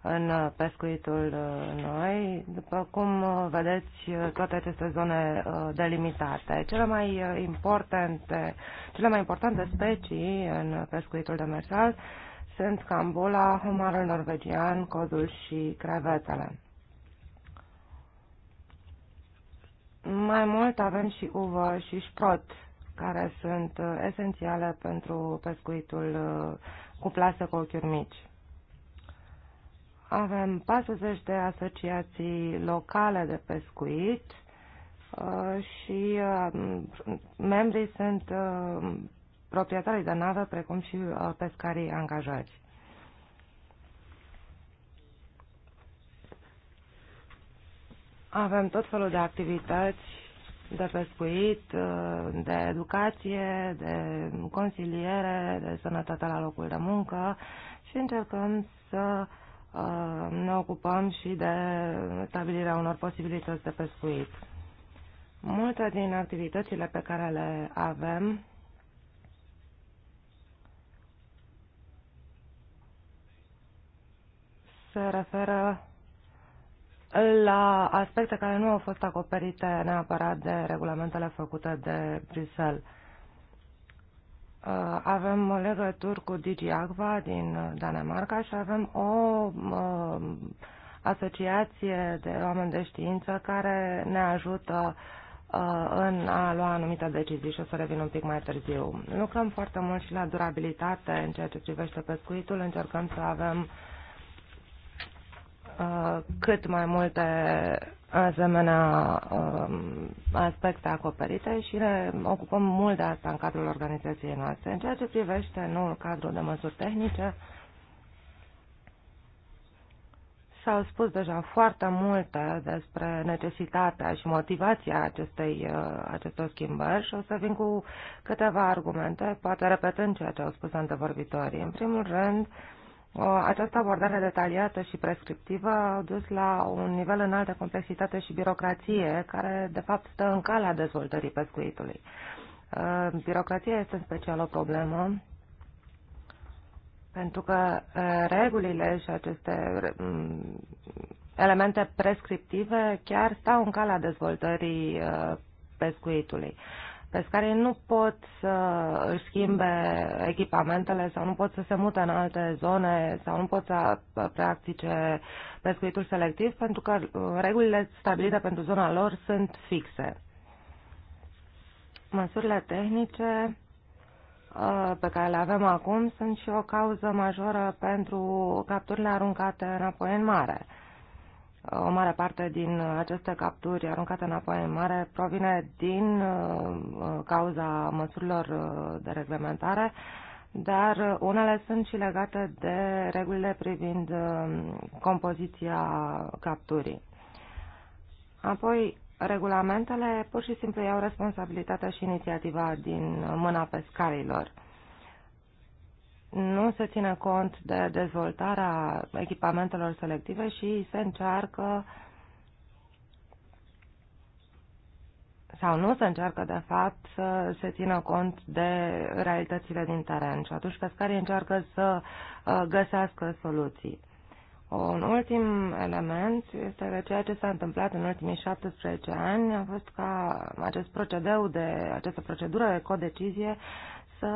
în uh, pescuitul uh, noi. După cum uh, vedeți, toate aceste zone delimitate. Cele mai importante, cele mai importante specii în pescuitul demersal sunt cambula, homarul norvegian, codul și crevetele. Mai mult avem și uvă și șprot, care sunt esențiale pentru pescuitul cu plasă cu ochiuri mici. Avem 40 de asociații locale de pescuit uh, și uh, membrii sunt uh, proprietarii de nave, precum și pescarii angajați. Avem tot felul de activități de pescuit, de educație, de consiliere, de sănătate la locul de muncă și încercăm să uh, Uh, ne ocupăm și de stabilirea unor posibilități de pescuit. Multe din activitățile pe care le avem se referă la aspecte care nu au fost acoperite neapărat de regulamentele făcute de Bruxelles. Uh, avem legături cu Digi Agva din uh, Danemarca și avem o uh, asociație de oameni de știință care ne ajută în a lua anumite decizii și o să revin un pic mai târziu. Lucrăm foarte mult și la durabilitate în ceea ce privește pescuitul, încercăm să avem cât mai multe asemenea um, aspecte acoperite și ne ocupăm mult de asta în cadrul organizației noastre. În ceea ce privește noul cadru de măsuri tehnice, S-au spus deja foarte multe despre necesitatea și motivația acestei, uh, acestor schimbări și o să vin cu câteva argumente, poate repetând ceea ce au spus antevorbitorii. În primul rând, această abordare detaliată și prescriptivă a dus la un nivel înalt de complexitate și birocrație, care de fapt stă în calea dezvoltării pescuitului. Uh, birocrația este în special o problemă pentru că uh, regulile și aceste mm, elemente prescriptive chiar stau în calea dezvoltării uh, pescuitului pescarii nu pot să își schimbe echipamentele sau nu pot să se mute în alte zone sau nu pot să practice pescuitul selectiv pentru că uh, regulile stabilite pentru zona lor sunt fixe. Măsurile tehnice uh, pe care le avem acum sunt și o cauză majoră pentru capturile aruncate înapoi în mare. O mare parte din uh, aceste capturi aruncate înapoi în mare provine din uh, uh, cauza măsurilor de reglementare, dar unele sunt și legate de regulile privind compoziția capturii. Apoi, regulamentele pur și simplu iau responsabilitatea și inițiativa din mâna pescarilor nu se ține cont de dezvoltarea echipamentelor selective și se încearcă sau nu se încearcă de fapt să se țină cont de realitățile din teren și atunci pescarii încearcă să uh, găsească soluții. Un ultim element este că ceea ce s-a întâmplat în ultimii 17 ani a fost ca acest procedeu de, această procedură de codecizie să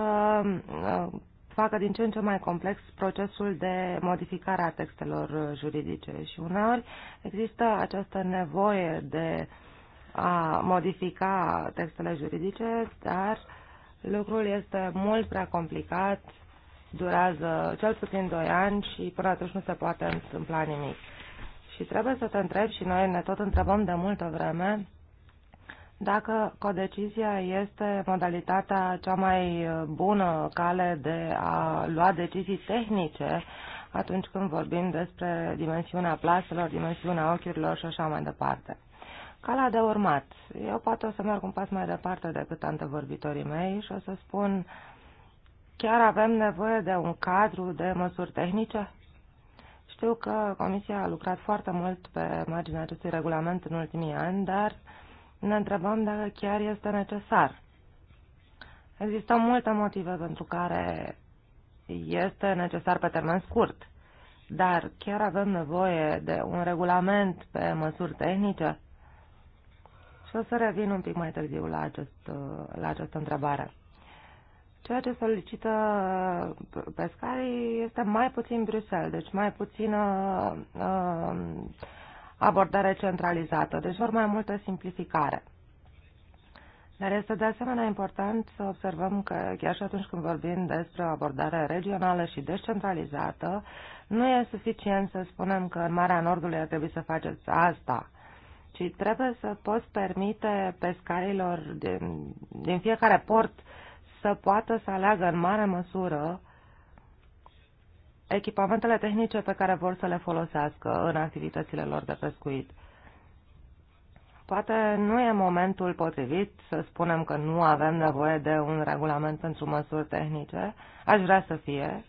uh, facă din ce în ce mai complex procesul de modificare a textelor juridice și uneori există această nevoie de a modifica textele juridice, dar lucrul este mult prea complicat, durează cel puțin 2 ani și până atunci nu se poate întâmpla nimic. Și trebuie să te întrebi și noi ne tot întrebăm de multă vreme dacă codecizia este modalitatea cea mai uh, bună cale de a lua decizii tehnice atunci când vorbim despre dimensiunea plaselor, dimensiunea ochiurilor și așa mai departe. Calea de urmat. Eu poate o să merg un pas mai departe decât antevorbitorii mei și o să spun chiar avem nevoie de un cadru de măsuri tehnice? Știu că Comisia a lucrat foarte mult pe marginea acestui regulament în ultimii ani, dar ne întrebăm dacă chiar este necesar. Există multe motive pentru care este necesar pe termen scurt, dar chiar avem nevoie de un regulament pe măsuri tehnice? Și o să revin un pic mai târziu la, acest, la această întrebare. Ceea ce solicită pescarii este mai puțin Bruxelles, deci mai puțin. uh, abordare centralizată, deci vor mai multă simplificare. Dar este de asemenea important să observăm că chiar și atunci când vorbim despre o abordare regională și descentralizată, nu e suficient să spunem că în Marea Nordului ar trebui să faceți asta, ci trebuie să poți permite pescarilor din, din fiecare port să poată să aleagă în mare măsură echipamentele tehnice pe care vor să le folosească în activitățile lor de pescuit. Poate nu e momentul potrivit să spunem că nu avem nevoie de un regulament pentru măsuri tehnice, aș vrea să fie,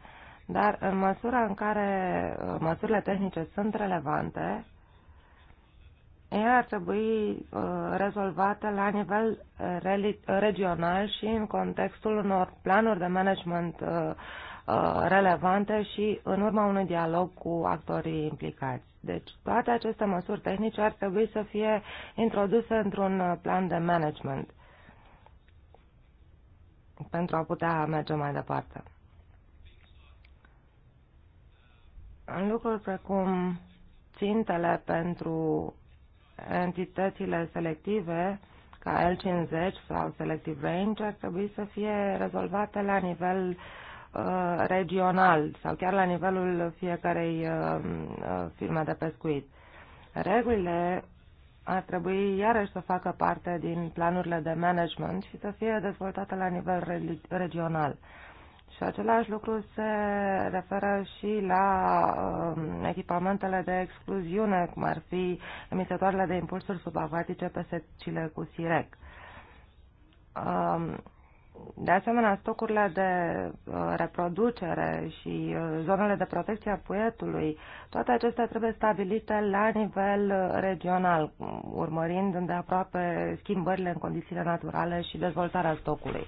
dar în măsura în care uh, măsurile tehnice sunt relevante, ele ar trebui uh, rezolvate la nivel regional și în contextul unor planuri de management uh, Uh, relevante și în urma unui dialog cu actorii implicați. Deci toate aceste măsuri tehnice ar trebui să fie introduse într-un uh, plan de management pentru a putea merge mai departe. În lucruri precum țintele pentru entitățile selective, ca L50 sau Selective Range, ar trebui să fie rezolvate la nivel uh, Uh, regional sau chiar la nivelul fiecarei uh, uh, firme de pescuit. Regulile ar trebui iarăși să facă parte din planurile de management și să fie dezvoltate la nivel regional. Și același lucru se referă și la uh, echipamentele de excluziune, cum ar fi emisătoarele de impulsuri subacvatice pe secile cu SIREC. Uh, de asemenea, stocurile de uh, reproducere și uh, zonele de protecție a puietului, toate acestea trebuie stabilite la nivel uh, regional, urmărind îndeaproape schimbările în condițiile naturale și dezvoltarea stocului.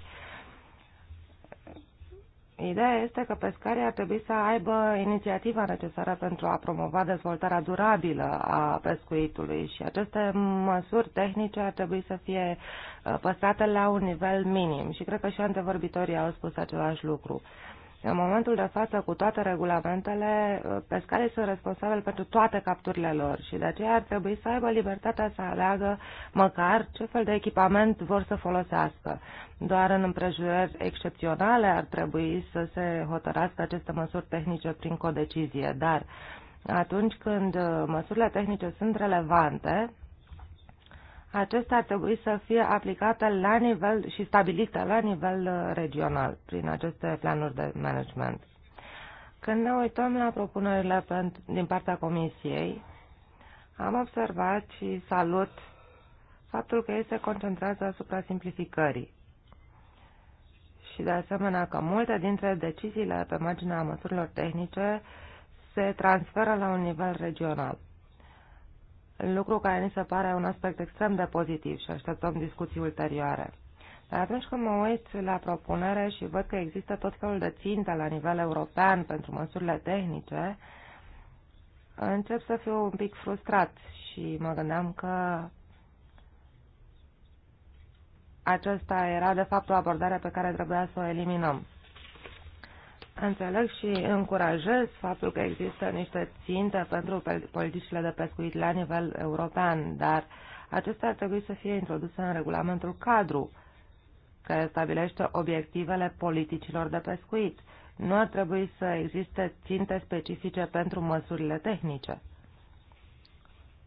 Ideea este că pescarii ar trebui să aibă inițiativa necesară pentru a promova dezvoltarea durabilă a pescuitului și aceste măsuri tehnice ar trebui să fie uh, păstrate la un nivel minim și cred că și antevorbitorii au spus același lucru. În momentul de față, cu toate regulamentele, pescarii sunt responsabili pentru toate capturile lor și de aceea ar trebui să aibă libertatea să aleagă măcar ce fel de echipament vor să folosească. Doar în împrejurări excepționale ar trebui să se hotărască aceste măsuri tehnice prin codecizie, dar atunci când uh, măsurile tehnice sunt relevante, acestea ar trebui să fie aplicate la nivel și stabilite la nivel uh, regional prin aceste planuri de management. Când ne uităm la propunerile din partea Comisiei, am observat și salut faptul că ei se concentrează asupra simplificării și de asemenea că multe dintre deciziile pe marginea măsurilor tehnice se transferă la un nivel regional lucru care ni se pare un aspect extrem de pozitiv și așteptăm discuții ulterioare. Dar atunci când mă uit la propunere și văd că există tot felul de ținte la nivel european pentru măsurile tehnice, încep să fiu un pic frustrat și mă gândeam că aceasta era de fapt o abordare pe care trebuia să o eliminăm. Înțeleg și încurajez faptul că există niște ținte pentru politicile de pescuit la nivel european, dar acestea ar trebui să fie introduse în regulamentul cadru, care stabilește obiectivele politicilor de pescuit. Nu ar trebui să existe ținte specifice pentru măsurile tehnice,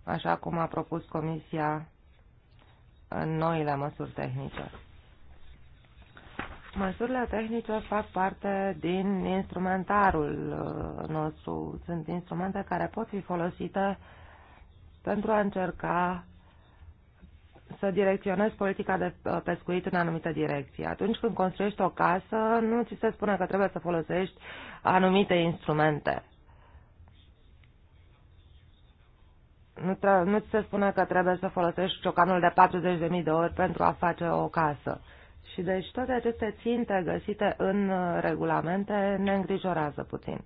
așa cum a propus Comisia în noile măsuri tehnice. Măsurile tehnice fac parte din instrumentarul uh, nostru. Sunt instrumente care pot fi folosite pentru a încerca să direcționezi politica de uh, pescuit în anumită direcție. Atunci când construiești o casă, nu ți se spune că trebuie să folosești anumite instrumente. Nu, nu ți se spune că trebuie să folosești ciocanul de 40.000 de ori pentru a face o casă. Și deci toate aceste ținte găsite în uh, regulamente ne îngrijorează puțin.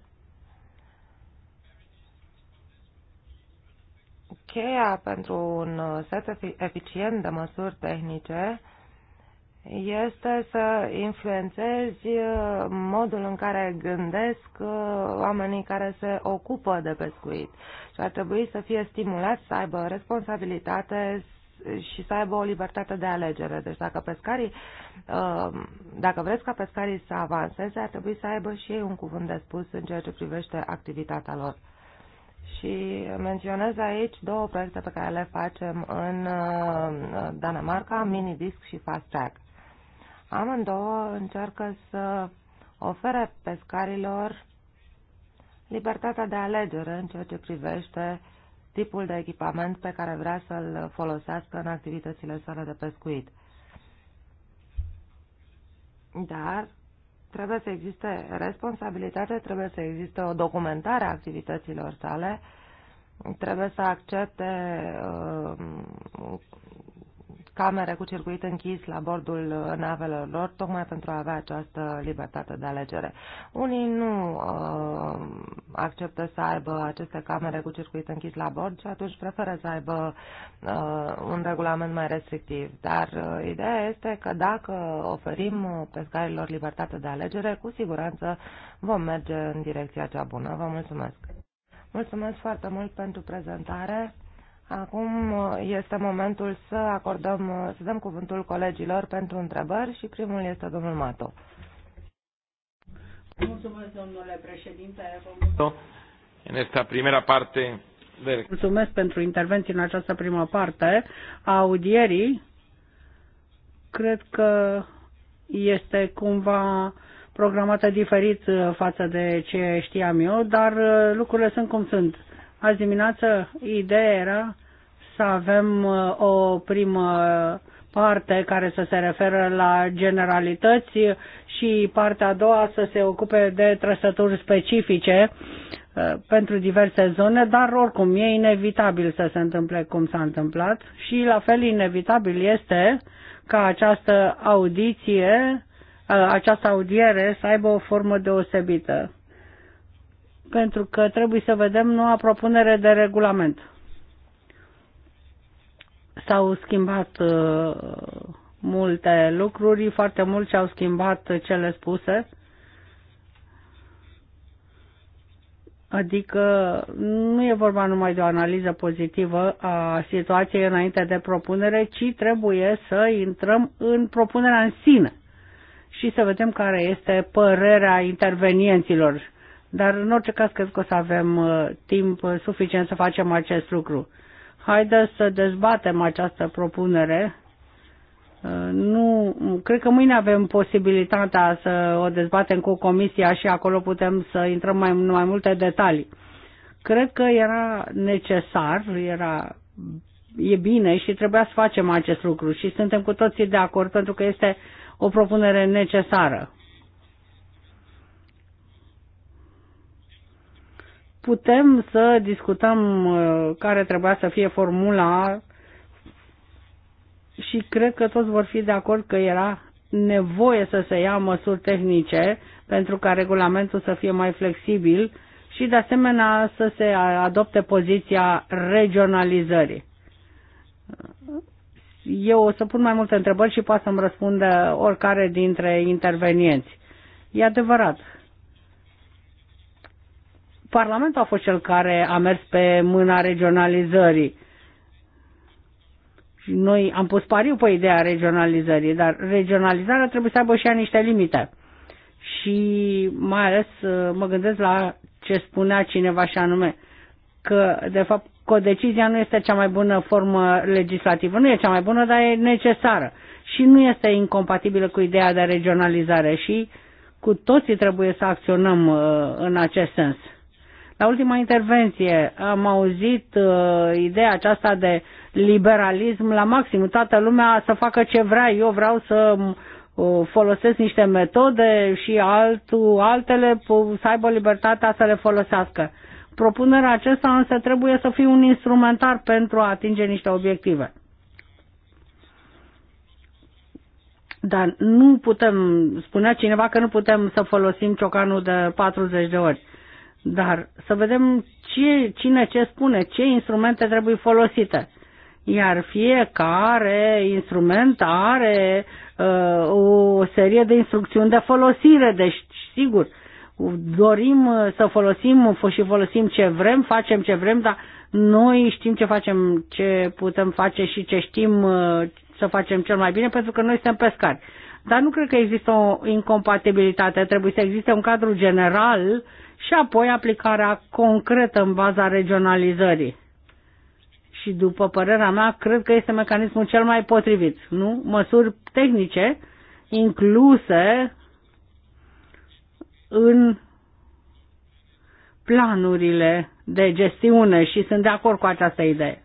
Cheia pentru un uh, set eficient de măsuri tehnice este să influențezi uh, modul în care gândesc oamenii care se ocupă de pescuit și ar trebui să fie stimulați să aibă responsabilitate, și să aibă o libertate de alegere. Deci dacă pescarii, uh, dacă vreți ca pescarii să avanseze, ar trebui să aibă și ei un cuvânt de spus în ceea ce privește activitatea lor. Și menționez aici două proiecte pe care le facem în uh, Danemarca, Minidisc și Fast Track. Amândouă încearcă să ofere pescarilor libertatea de alegere în ceea ce privește uh, tipul de echipament pe care vrea să-l folosească în activitățile sale de pescuit. Dar trebuie să existe responsabilitate, trebuie să existe o documentare a activităților sale, trebuie să accepte uh, camere cu circuit închis la bordul navelor lor, tocmai pentru a avea această libertate de alegere. Unii nu uh, acceptă să aibă aceste camere cu circuit închis la bord și atunci preferă să aibă uh, un regulament mai restrictiv. Dar uh, ideea este că dacă oferim uh, pescarilor libertate de alegere, cu siguranță vom merge în direcția cea bună. Vă mulțumesc! Mulțumesc foarte mult pentru prezentare. Acum uh, este momentul să acordăm, uh, să dăm cuvântul colegilor pentru întrebări și primul este domnul Mato. Mulțumesc, domnule președinte. În esta primera parte Mulțumesc pentru intervenții în această primă parte a audierii. Cred că este cumva programată diferit uh, față de ce știam eu, dar lucrurile sunt cum sunt Azi dimineață ideea era să avem uh, o primă parte care să se referă la generalități și partea a doua să se ocupe de trăsături specifice uh, pentru diverse zone, dar oricum e inevitabil să se întâmple cum s-a întâmplat și la fel inevitabil este ca această audiție, uh, această audiere să aibă o formă deosebită pentru că trebuie să vedem noua propunere de regulament. S-au schimbat uh, multe lucruri, foarte mult și-au schimbat cele spuse. Adică nu e vorba numai de o analiză pozitivă a situației înainte de propunere, ci trebuie să intrăm în propunerea în sine și să vedem care este părerea intervenienților dar în orice caz cred că o să avem uh, timp suficient să facem acest lucru. Haideți să dezbatem această propunere. Uh, nu, cred că mâine avem posibilitatea să o dezbatem cu comisia și acolo putem să intrăm mai, în mai multe detalii. Cred că era necesar, era e bine și trebuia să facem acest lucru și suntem cu toții de acord pentru că este o propunere necesară. putem să discutăm uh, care trebuia să fie formula și cred că toți vor fi de acord că era nevoie să se ia măsuri tehnice pentru ca regulamentul să fie mai flexibil și de asemenea să se adopte poziția regionalizării. Eu o să pun mai multe întrebări și poate să-mi răspundă oricare dintre intervenienți. E adevărat, Parlamentul a fost cel care a mers pe mâna regionalizării. Noi am pus pariu pe ideea regionalizării, dar regionalizarea trebuie să aibă și ea niște limite. Și mai ales uh, mă gândesc la ce spunea cineva și anume, că de fapt codecizia nu este cea mai bună formă legislativă. Nu e cea mai bună, dar e necesară. Și nu este incompatibilă cu ideea de regionalizare și cu toții trebuie să acționăm uh, în acest sens. La ultima intervenție am auzit uh, ideea aceasta de liberalism la maxim. Toată lumea să facă ce vrea. Eu vreau să uh, folosesc niște metode și altul, altele să aibă libertatea să le folosească. Propunerea aceasta însă trebuie să fie un instrumentar pentru a atinge niște obiective. Dar nu putem, spunea cineva că nu putem să folosim ciocanul de 40 de ori dar să vedem ce, cine ce spune, ce instrumente trebuie folosite. Iar fiecare instrument are uh, o serie de instrucțiuni de folosire, deci sigur, dorim să folosim și folosim ce vrem, facem ce vrem, dar noi știm ce facem, ce putem face și ce știm uh, să facem cel mai bine, pentru că noi suntem pescari. Dar nu cred că există o incompatibilitate, trebuie să existe un cadru general uh, și apoi aplicarea concretă în baza regionalizării. Și după părerea mea, cred că este mecanismul cel mai potrivit, nu? Măsuri tehnice incluse în planurile de gestiune și sunt de acord cu această idee.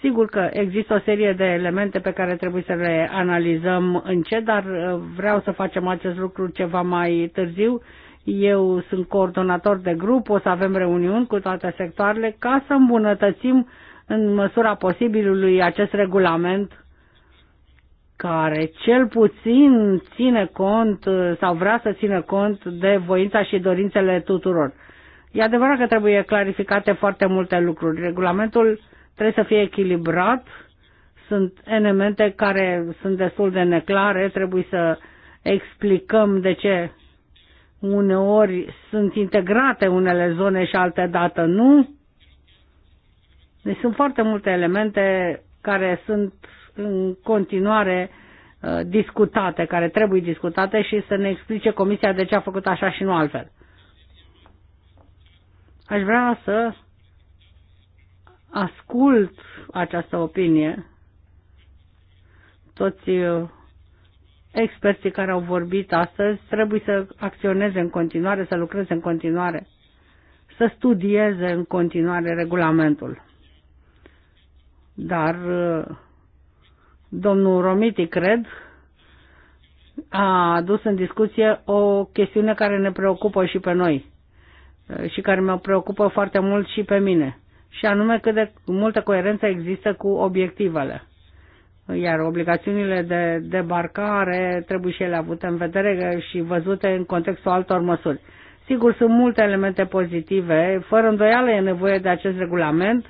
Sigur că există o serie de elemente pe care trebuie să le analizăm încet, dar uh, vreau să facem acest lucru ceva mai târziu eu sunt coordonator de grup, o să avem reuniuni cu toate sectoarele ca să îmbunătățim în măsura posibilului acest regulament care cel puțin ține cont sau vrea să țină cont de voința și dorințele tuturor. E adevărat că trebuie clarificate foarte multe lucruri. Regulamentul trebuie să fie echilibrat, sunt elemente care sunt destul de neclare, trebuie să explicăm de ce Uneori sunt integrate unele zone și alte dată nu. Deci sunt foarte multe elemente care sunt în continuare uh, discutate, care trebuie discutate și să ne explice Comisia de ce a făcut așa și nu altfel. Aș vrea să ascult această opinie. Toți uh, experții care au vorbit astăzi trebuie să acționeze în continuare, să lucreze în continuare, să studieze în continuare regulamentul. Dar uh, domnul Romiti, cred, a adus în discuție o chestiune care ne preocupă și pe noi uh, și care mă preocupă foarte mult și pe mine, și anume cât de multă coerență există cu obiectivele iar obligațiunile de debarcare trebuie și ele avute în vedere și văzute în contextul altor măsuri. Sigur, sunt multe elemente pozitive, fără îndoială e nevoie de acest regulament,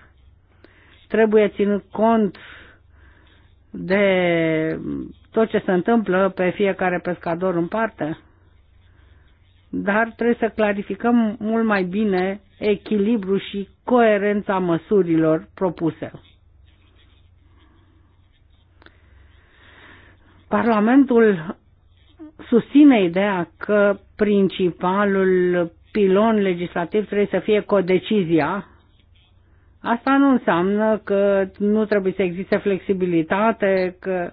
trebuie ținut cont de tot ce se întâmplă pe fiecare pescador în parte, dar trebuie să clarificăm mult mai bine echilibru și coerența măsurilor propuse. Parlamentul susține ideea că principalul pilon legislativ trebuie să fie codecizia. Asta nu înseamnă că nu trebuie să existe flexibilitate, că...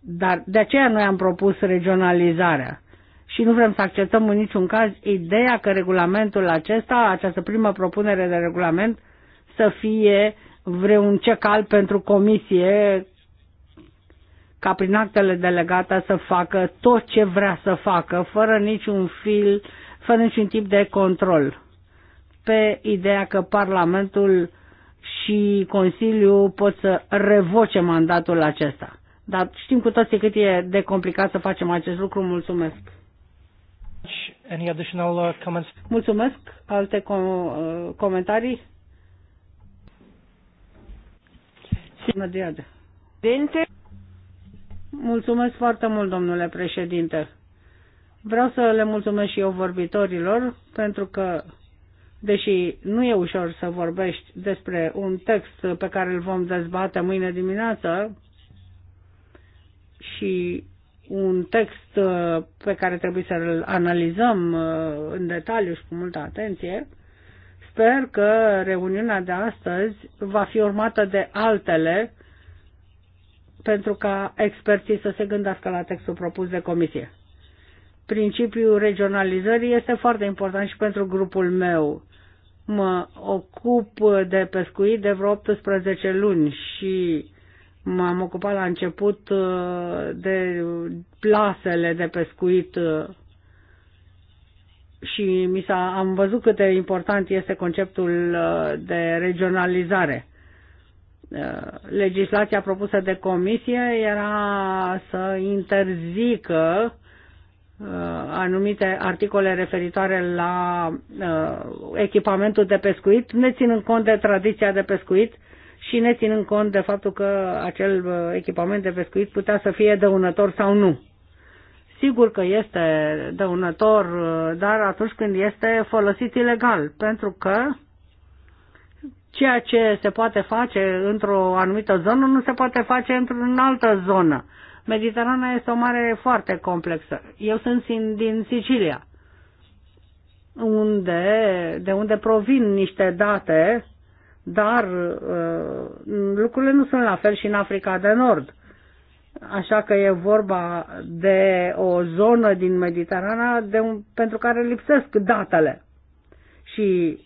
dar de aceea noi am propus regionalizarea. Și nu vrem să acceptăm în niciun caz ideea că regulamentul acesta, această primă propunere de regulament, să fie vreun cecal pentru comisie ca prin actele delegate să facă tot ce vrea să facă, fără niciun fil, fără niciun tip de control, pe ideea că Parlamentul și Consiliul pot să revoce mandatul acesta. Dar știm cu toții cât e de complicat să facem acest lucru. Mulțumesc! Any additional uh, comments? Mulțumesc! Alte com- uh, comentarii? Bună Dinte. Mulțumesc foarte mult, domnule președinte. Vreau să le mulțumesc și eu vorbitorilor, pentru că, deși nu e ușor să vorbești despre un text pe care îl vom dezbate mâine dimineață și un text uh, pe care trebuie să-l analizăm uh, în detaliu și cu multă atenție, sper că reuniunea de astăzi va fi urmată de altele pentru ca experții să se gândească la textul propus de comisie. Principiul regionalizării este foarte important și pentru grupul meu. Mă ocup de pescuit de vreo 18 luni și m-am ocupat la început uh, de plasele de pescuit uh, și mi s-a, am văzut cât de important este conceptul uh, de regionalizare. Eh, legislația propusă de comisie era să interzică eh, anumite articole referitoare la eh, echipamentul de pescuit, ne ținând cont de tradiția de pescuit și ne ținând cont de faptul că acel echipament de pescuit putea să fie dăunător sau nu. Sigur că este dăunător, dar atunci când este folosit ilegal, pentru că ceea ce se poate face într-o anumită zonă nu se poate face într-o altă zonă. Mediterana este o mare foarte complexă. Eu sunt din Sicilia, unde, de unde provin niște date, dar uh, lucrurile nu sunt la fel și în Africa de Nord. Așa că e vorba de o zonă din Mediterana de un, pentru care lipsesc datele. Și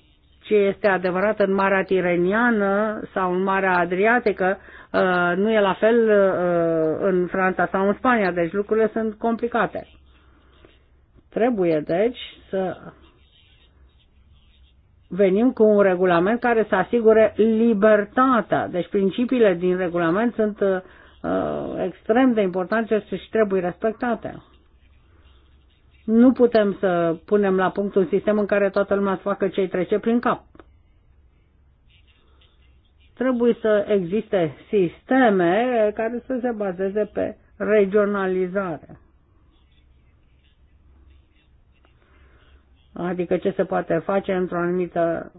ce este adevărat în Marea Tireniană sau în Marea Adriatică uh, nu e la fel uh, în Franța sau în Spania, deci lucrurile sunt complicate. Trebuie, deci, să venim cu un regulament care să asigure libertatea. Deci principiile din regulament sunt uh, uh extrem de importante și trebuie respectate. Nu putem să punem la punct un sistem în care toată lumea să facă ce trece prin cap. Trebuie să existe sisteme care să se bazeze pe regionalizare. Adică ce se poate face într-o anumită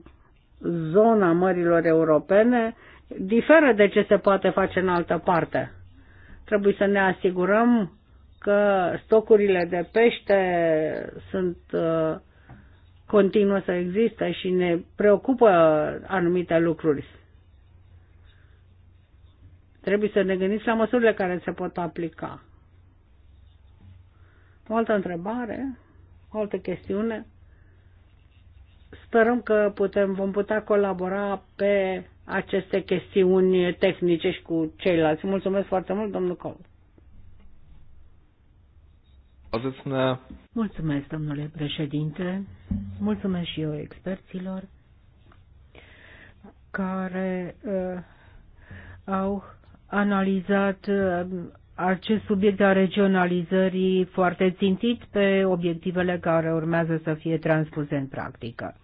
zonă a mărilor europene diferă de ce se poate face în altă parte. Trebuie să ne asigurăm că stocurile de pește sunt uh, continuă să existe și ne preocupă anumite lucruri. Trebuie să ne gândim la măsurile care se pot aplica. O altă întrebare, o altă chestiune. Sperăm că putem, vom putea colabora pe aceste chestiuni tehnice și cu ceilalți. Mulțumesc foarte mult, domnul Col. Vorsitzender. Mulțumesc, domnule președinte. Mulțumesc și eu experților care uh, au analizat uh, acest subiect a regionalizării foarte țintit pe obiectivele care urmează să fie transpuse în practică.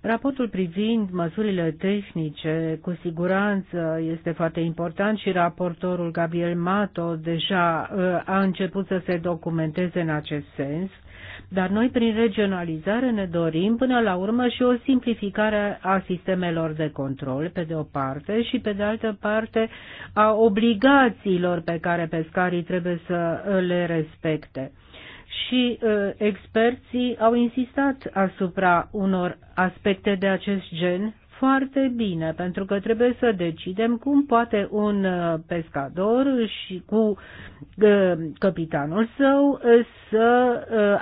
Raportul privind măsurile tehnice, cu siguranță, este foarte important și raportorul Gabriel Mato deja ă, a început să se documenteze în acest sens, dar noi prin regionalizare ne dorim până la urmă și o simplificare a sistemelor de control, pe de o parte, și pe de altă parte a obligațiilor pe care pescarii trebuie să le respecte și uh, experții au insistat asupra unor aspecte de acest gen foarte bine, pentru că trebuie să decidem cum poate un uh, pescador și cu uh, capitanul său uh, să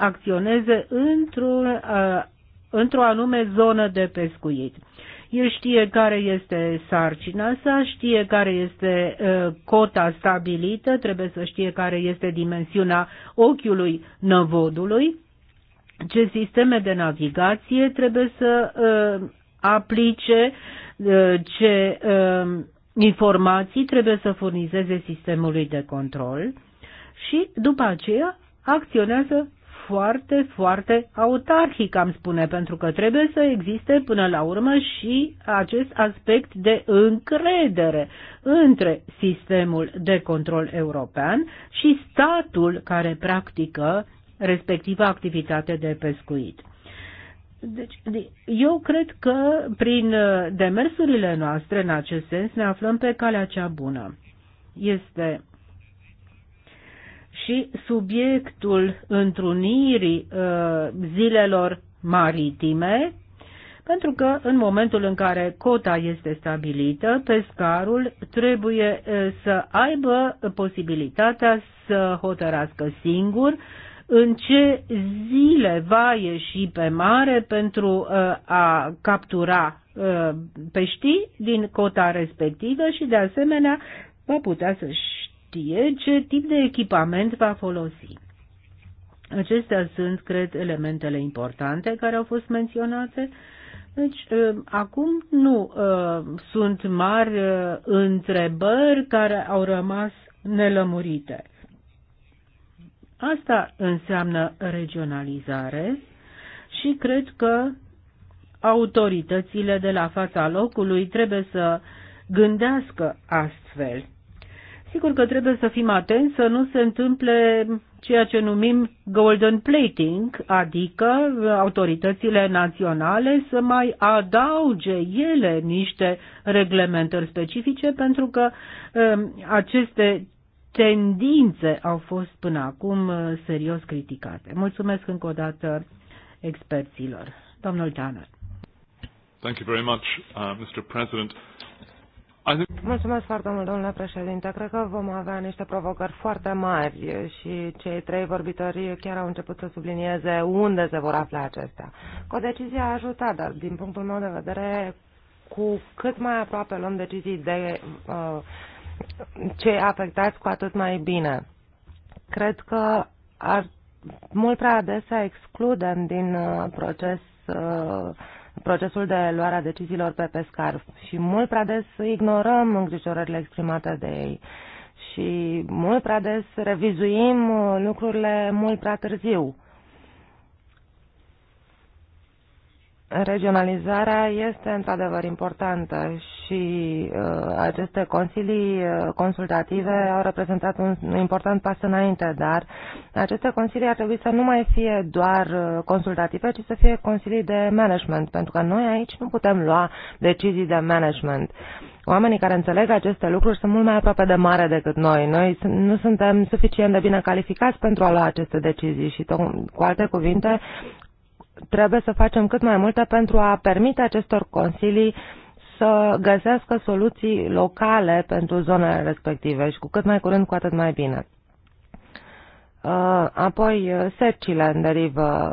acționeze într-o într anume zonă de pescuit. El știe care este sarcina sa, știe care este uh, cota stabilită, trebuie să știe care este dimensiunea ochiului năvodului, ce sisteme de navigație trebuie să uh, aplice, uh, ce informații trebuie să furnizeze sistemului de control și după aceea acționează foarte, foarte autarhic, am spune, pentru că trebuie să existe până la urmă și acest aspect de încredere între sistemul de control european și statul care practică respectiva activitate de pescuit. Deci, eu cred că prin uh, demersurile noastre în acest sens ne aflăm pe calea cea bună. Este și subiectul întrunirii uh, zilelor maritime, pentru că în momentul în care cota este stabilită, pescarul trebuie uh, să aibă posibilitatea să hotărască singur în ce zile va ieși pe mare pentru uh, a captura peștii din cota respectivă și de asemenea va putea să-și știe ce tip de echipament va folosi. Acestea sunt, cred, elementele importante care au fost menționate. Deci, ă, acum nu ă, sunt mari ă, întrebări care au rămas nelămurite. Asta înseamnă regionalizare și cred că autoritățile de la fața locului trebuie să gândească astfel. Sigur că trebuie să fim atenți să nu se întâmple ceea ce numim golden plating, adică autoritățile naționale să mai adauge ele niște reglementări specifice, pentru că um, aceste tendințe au fost până acum uh, serios criticate. Mulțumesc încă o dată experților. Domnul Tanner. Thank you very much, uh, Mr. President. Mulțumesc foarte mult, domnule președinte. Cred că vom avea niște provocări foarte mari și cei trei vorbitori chiar au început să sublinieze unde se vor afla acestea. O decizie a ajutat, dar din punctul meu de vedere, cu cât mai aproape luăm decizii de uh, cei afectați, cu atât mai bine. Cred că ar, mult prea adesea excludem din uh, proces uh, procesul de luare a deciziilor pe pescar și mult prea des ignorăm îngrijorările exprimate de ei și mult prea des revizuim uh, lucrurile mult prea târziu. Regionalizarea este într-adevăr importantă și uh, aceste consilii uh, consultative au reprezentat un important pas înainte, dar aceste consilii ar trebui să nu mai fie doar uh, consultative, ci să fie consilii de management, pentru că noi aici nu putem lua decizii de management. Oamenii care înțeleg aceste lucruri sunt mult mai aproape de mare decât noi. Noi nu suntem suficient de bine calificați pentru a lua aceste decizii și, cu alte cuvinte, trebuie să facem cât mai multe pentru a permite acestor consilii să găsească soluții locale pentru zonele respective și cu cât mai curând, cu atât mai bine. Uh, apoi, uh, sercile în derivă.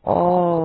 O,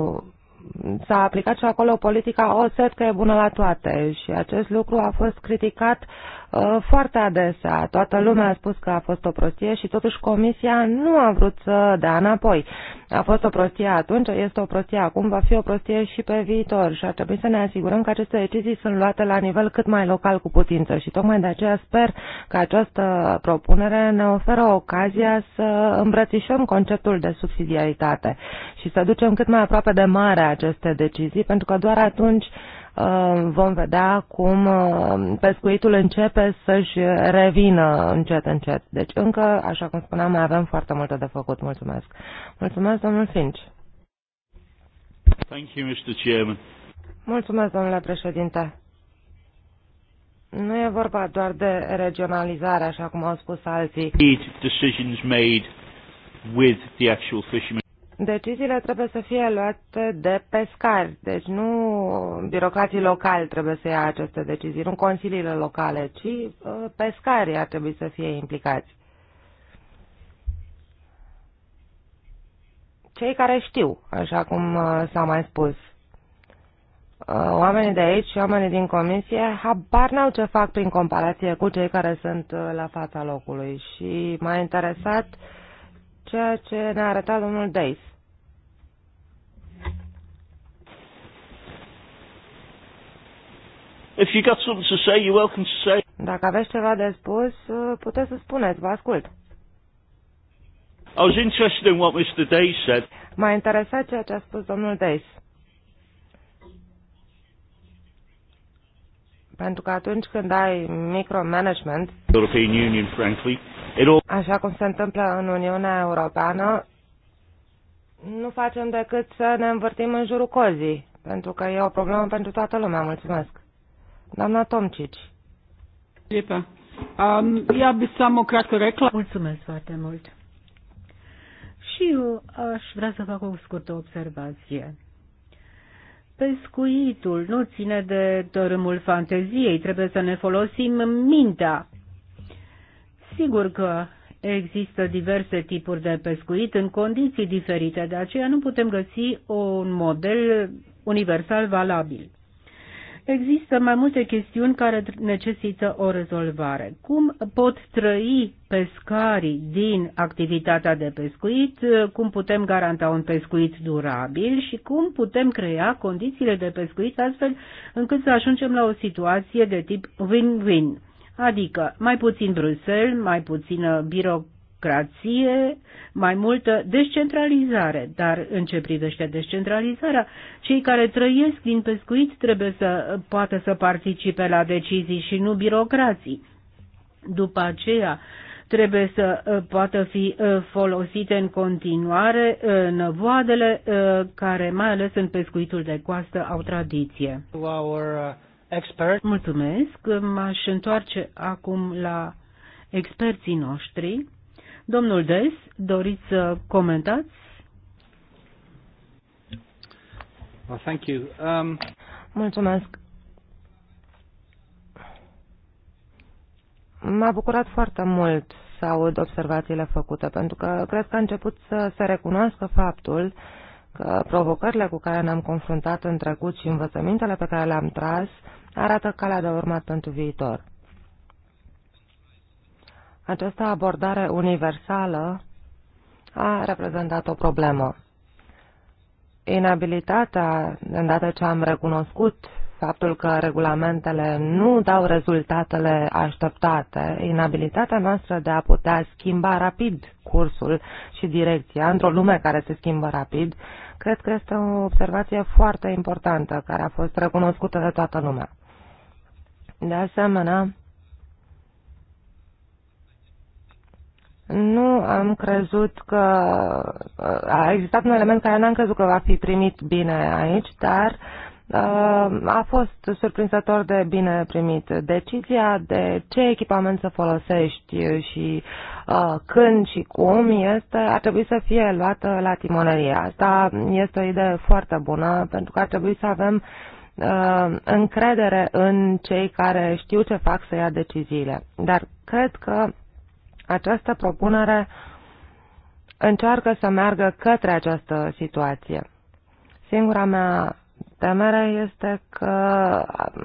s-a aplicat și acolo politica o set că e bună la toate și acest lucru a fost criticat uh, Uh, foarte adesea. Toată lumea a spus că a fost o prostie și totuși comisia nu a vrut să dea înapoi. A fost o prostie atunci, este o prostie acum, va fi o prostie și pe viitor și ar trebui să ne asigurăm că aceste decizii sunt luate la nivel cât mai local cu putință și tocmai de aceea sper că această propunere ne oferă ocazia să îmbrățișăm conceptul de subsidiaritate și să ducem cât mai aproape de mare aceste decizii, pentru că doar atunci uh, Uh, vom vedea cum uh, pescuitul începe să-și revină încet, încet. Deci încă, așa cum spuneam, mai avem foarte multe de făcut. Mulțumesc. Mulțumesc, domnul Finci. Thank you, Mr. Chairman. Mulțumesc, domnule președinte. Nu e vorba doar de regionalizare, așa cum au spus alții. Decisions made with the actual fishermen Deciziile trebuie să fie luate de pescari, deci nu birocrații locali trebuie să ia aceste decizii, nu consiliile locale, ci uh, pescarii ar trebui să fie implicați. Cei care știu, așa cum uh, s-a mai spus. Uh, oamenii de aici și oamenii din comisie habar n-au ce fac prin comparație cu cei care sunt la fața locului și m-a interesat ceea ce ne-a arătat domnul Deis. If you got something to say, you're welcome to say. Dacă aveți ceva de spus, puteți să spuneți, vă ascult. I was interested in what Mr. Day said. M-a interesat ceea ce a spus domnul Days. Pentru că atunci când ai micromanagement, European Union, frankly, it all... așa cum se întâmplă în Uniunea Europeană, nu facem decât să ne învârtim în jurul cozii, pentru că e o problemă pentru toată lumea. Mulțumesc! Doamna Tomcici. Lijepa. Um, ja bi samo kratko rekla. Mulțumesc foarte mult. Și eu aș vrea să fac o scurtă observație. Pescuitul nu ține de dărâmul fanteziei, trebuie să ne folosim mintea. Sigur că există diverse tipuri de pescuit în condiții diferite, de aceea nu putem găsi un model universal valabil. Există mai multe chestiuni care necesită o rezolvare. Cum pot trăi pescarii din activitatea de pescuit, cum putem garanta un pescuit durabil și cum putem crea condițiile de pescuit astfel încât să ajungem la o situație de tip win-win, adică mai puțin Bruxelles, mai puțină birocratie, democrație, mai multă descentralizare, dar în ce privește descentralizarea, cei care trăiesc din pescuit trebuie să poată să participe la decizii și nu birocrații. După aceea, trebuie să uh, poată fi uh, folosite în continuare uh, năvoadele care, mai ales în pescuitul de coastă, au tradiție. Mulțumesc. M-aș întoarce acum la experții noștri. Domnul Des, doriți să comentați? Well, thank you. Um... Mulțumesc. M-a bucurat foarte mult să aud observațiile făcute, pentru că cred că a început să se recunoască faptul că provocările cu care ne-am confruntat în trecut și învățămintele pe care le-am tras arată calea de urmat pentru viitor. Această abordare universală a reprezentat o problemă. Inabilitatea, îndată ce am recunoscut faptul că regulamentele nu dau rezultatele așteptate, inabilitatea noastră de a putea schimba rapid cursul și direcția într-o lume care se schimbă rapid, cred că este o observație foarte importantă care a fost recunoscută de toată lumea. De asemenea, Nu am crezut că... A existat un element care n-am crezut că va fi primit bine aici, dar a fost surprinzător de bine primit decizia de ce echipament să folosești și când și cum este, ar trebui să fie luată la timonerie. Asta este o idee foarte bună pentru că ar trebui să avem încredere în cei care știu ce fac să ia deciziile. Dar cred că această propunere încearcă să meargă către această situație. Singura mea temere este că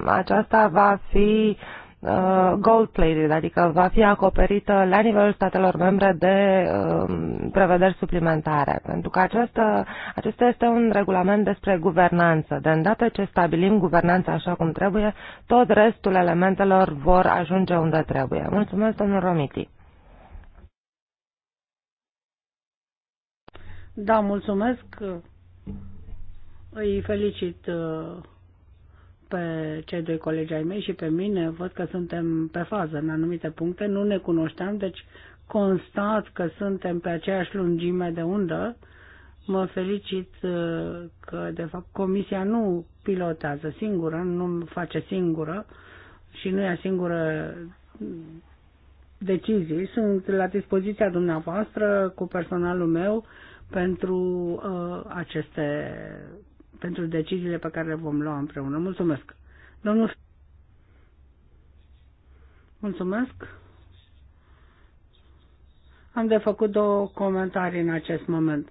aceasta va fi uh, gold-plated, adică va fi acoperită la nivelul statelor membre de um, prevederi suplimentare. Pentru că aceasta, acesta este un regulament despre guvernanță. De îndată ce stabilim guvernanța așa cum trebuie, tot restul elementelor vor ajunge unde trebuie. Mulțumesc, domnul Romiti. Da, mulțumesc. Îi felicit uh, pe cei doi colegi ai mei și pe mine. Văd că suntem pe fază în anumite puncte. Nu ne cunoșteam, deci constat că suntem pe aceeași lungime de undă. Mă felicit uh, că, de fapt, comisia nu pilotează singură, nu face singură și nu ia singură decizii. Sunt la dispoziția dumneavoastră cu personalul meu pentru uh, aceste pentru deciziile pe care le vom lua împreună. Mulțumesc. Domnul Mulțumesc. Am de făcut două comentarii în acest moment.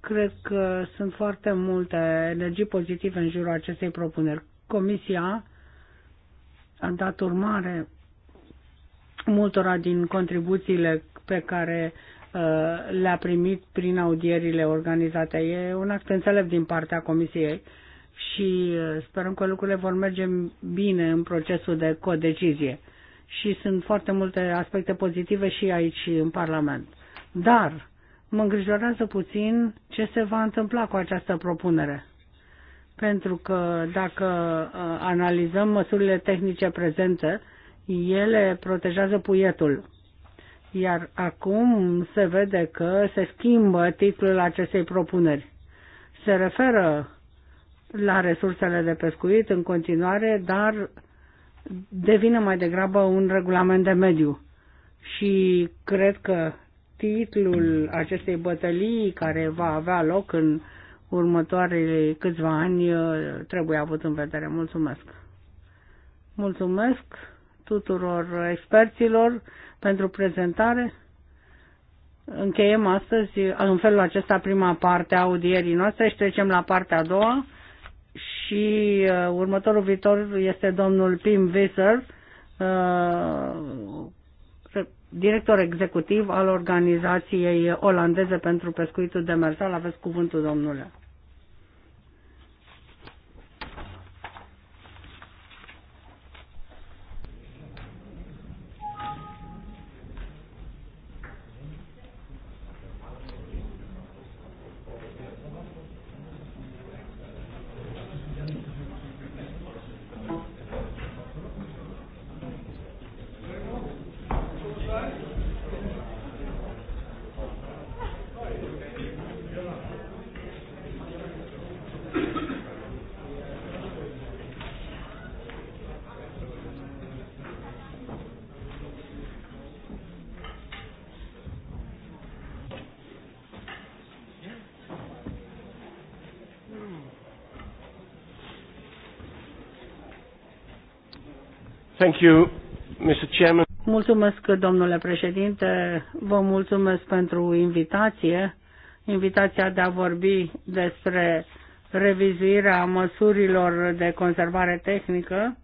Cred că sunt foarte multe energii pozitive în jurul acestei propuneri. Comisia a dat urmare multora din contribuțiile pe care Uh, le-a primit prin audierile organizate. E un act înțelept din partea Comisiei și uh, sperăm că lucrurile vor merge bine în procesul de codecizie. Și sunt foarte multe aspecte pozitive și aici în Parlament. Dar mă îngrijorează puțin ce se va întâmpla cu această propunere. Pentru că dacă uh, analizăm măsurile tehnice prezente, ele protejează puietul. Iar acum se vede că se schimbă titlul acestei propuneri. Se referă la resursele de pescuit în continuare, dar devine mai degrabă un regulament de mediu. Și cred că titlul acestei bătălii care va avea loc în următoarele câțiva ani uh, trebuie avut în vedere. Mulțumesc! Mulțumesc tuturor experților pentru prezentare. Încheiem astăzi, în felul acesta, prima parte a audierii noastre și trecem la partea a doua. Și uh, următorul viitor este domnul Pim Visser, uh, director executiv al organizației olandeze pentru pescuitul demersal. Aveți cuvântul, domnule. Thank you, Mr. Chairman. Mulțumesc, domnule președinte. Vă mulțumesc pentru invitație. Invitația de a vorbi despre revizuirea măsurilor de conservare tehnică.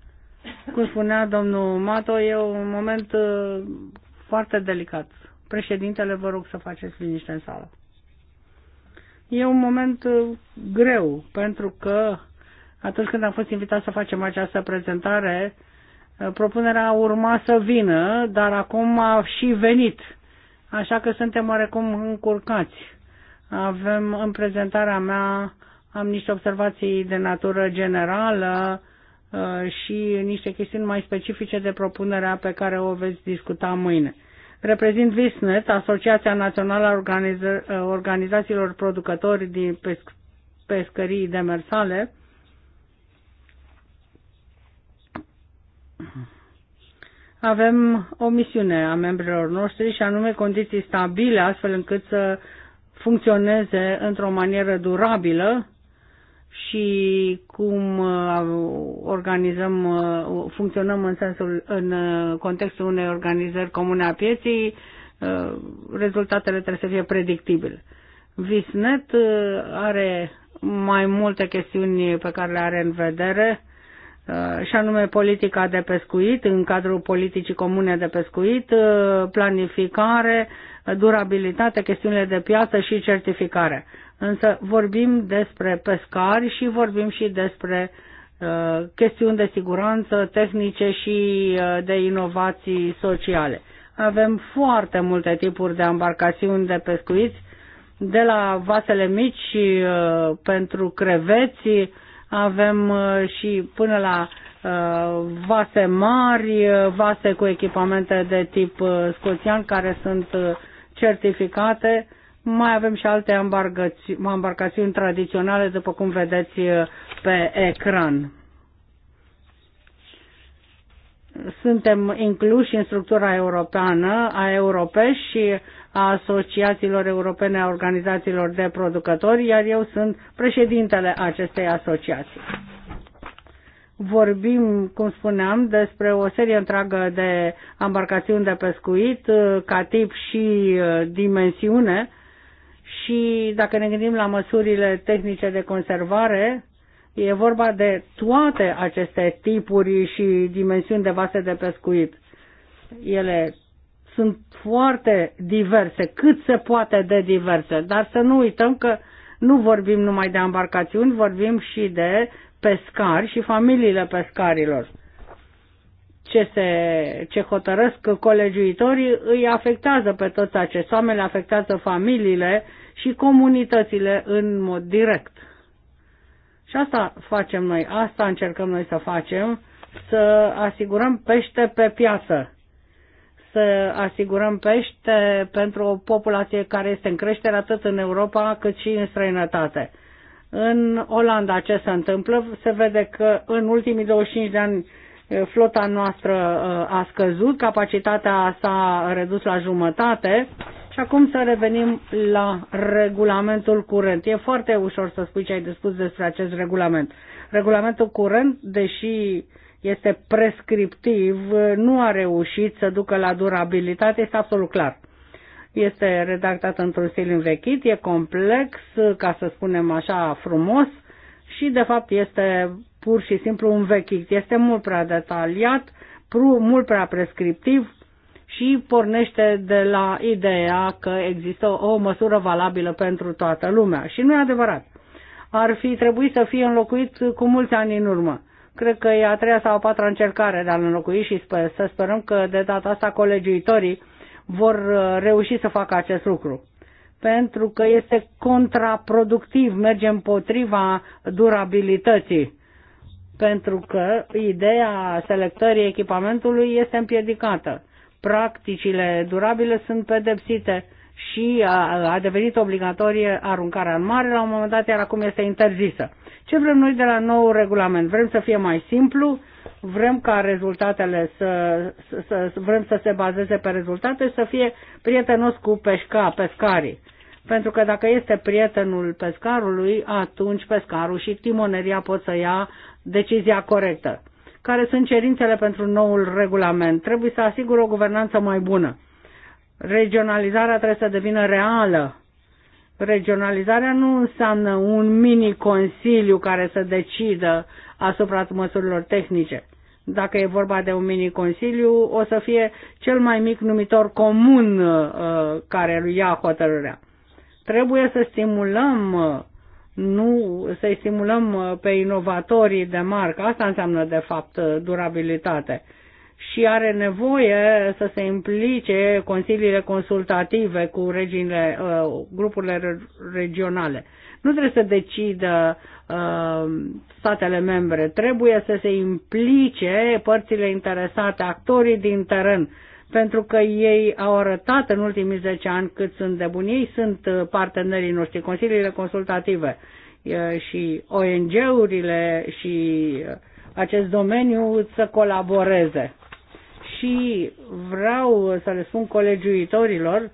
Cum spunea domnul Mato, e un moment uh, foarte delicat. Președintele, vă rog să faceți liniște în sală. E un moment uh, greu, pentru că atunci când am fost invitat să facem această prezentare, Uh, propunerea urma să vină, dar acum a și venit. Așa că suntem oarecum încurcați. Avem în prezentarea mea am niște observații de natură generală uh, și niște chestiuni mai specifice de propunerea pe care o veți discuta mâine. Reprezint Visnet, Asociația Națională a Organiza- uh, Organizațiilor Producători din Pesc- Pescării Demersale, avem o misiune a membrilor noștri și anume condiții stabile, astfel încât să funcționeze într-o manieră durabilă și cum uh, organizăm, uh, funcționăm în sensul, în uh, contextul unei organizări comune a pieții, rezultatele trebuie să fie predictibile. Visnet are mai multe chestiuni pe care le are în vedere Uh, și anume politica de pescuit, în cadrul politicii comune de pescuit, uh, planificare, uh, durabilitate, chestiunile de piață și certificare. Însă vorbim despre pescari și vorbim și despre chestiuni de siguranță tehnice și de inovații sociale. Avem foarte multe tipuri de embarcațiuni de pescuiți, de la vasele mici pentru creveți, avem uh, și până la uh, vase mari, uh, vase cu echipamente de tip scoțian care sunt certificate. Mai avem și alte embarcațiuni tradiționale, după cum vedeți pe ecran. Suntem incluși în structura europeană a Europei și a Asociațiilor Europene a Organizațiilor de Producători, iar eu sunt președintele acestei asociații. Vorbim, cum spuneam, despre o serie întreagă de embarcațiuni de pescuit, uh, ca tip și uh, dimensiune, și dacă ne gândim la măsurile tehnice de conservare, e vorba de toate aceste tipuri și dimensiuni de vase de pescuit. Ele sunt foarte diverse, cât se poate de diverse, dar să nu uităm că nu vorbim numai de embarcațiuni, vorbim și de pescari și familiile pescarilor. Ce, se, ce hotărăsc colegiuitorii îi afectează pe toți acești oameni, afectează familiile și comunitățile în mod direct. Și asta facem noi, asta încercăm noi să facem, să asigurăm pește pe piață să asigurăm pește pentru o populație care este în creștere atât în Europa cât și în străinătate. În Olanda ce se întâmplă? Se vede că în ultimii 25 de ani eh, flota noastră eh, a scăzut, capacitatea s-a redus la jumătate și acum să revenim la regulamentul curent. E foarte ușor să spui ce ai de spus despre acest regulament. Regulamentul curent, deși uh, este prescriptiv, nu a reușit să ducă la durabilitate, este absolut clar. Este redactat într-un stil învechit, e complex, ca să spunem așa, frumos și de fapt este pur și simplu învechit. Este mult prea detaliat, mult prea prescriptiv și pornește de la ideea că există o măsură valabilă pentru toată lumea. Și nu e adevărat. Ar fi trebuit să fie înlocuit cu mulți ani în urmă. Cred că e a treia sau a patra încercare de a-l înlocui și sper, să sperăm că de data asta colegiuitorii vor uh, reuși să facă acest lucru. Pentru că este contraproductiv, merge împotriva durabilității. Pentru că ideea selectării echipamentului este împiedicată. Practicile durabile sunt pedepsite și a, a devenit obligatorie aruncarea în mare, la un moment dat, iar acum este interzisă. Ce vrem noi de la nou regulament? Vrem să fie mai simplu, vrem ca rezultatele să, să, să vrem să se bazeze pe rezultate, și să fie prietenos cu peșca, pescarii. Pentru că dacă este prietenul pescarului, atunci pescarul și timoneria pot să ia decizia corectă. Care sunt cerințele pentru noul regulament? Trebuie să asigură o guvernanță mai bună. Regionalizarea trebuie să devină reală Regionalizarea nu înseamnă un mini-consiliu care să decidă asupra măsurilor tehnice. Dacă e vorba de un mini-consiliu, o să fie cel mai mic numitor comun uh, care îl ia hotărârea. Trebuie să stimulăm, uh, nu, să stimulăm uh, pe inovatorii de marcă. Asta înseamnă, de fapt, uh, durabilitate și are nevoie să se implice consiliile consultative cu regiile, uh, grupurile regionale. Nu trebuie să decidă uh, statele membre, trebuie să se implice părțile interesate, actorii din teren, pentru că ei au arătat în ultimii 10 ani cât sunt de buni. Ei sunt uh, partenerii noștri, consiliile consultative și ONG-urile și acest domeniu să colaboreze și vreau să le spun colegiuitorilor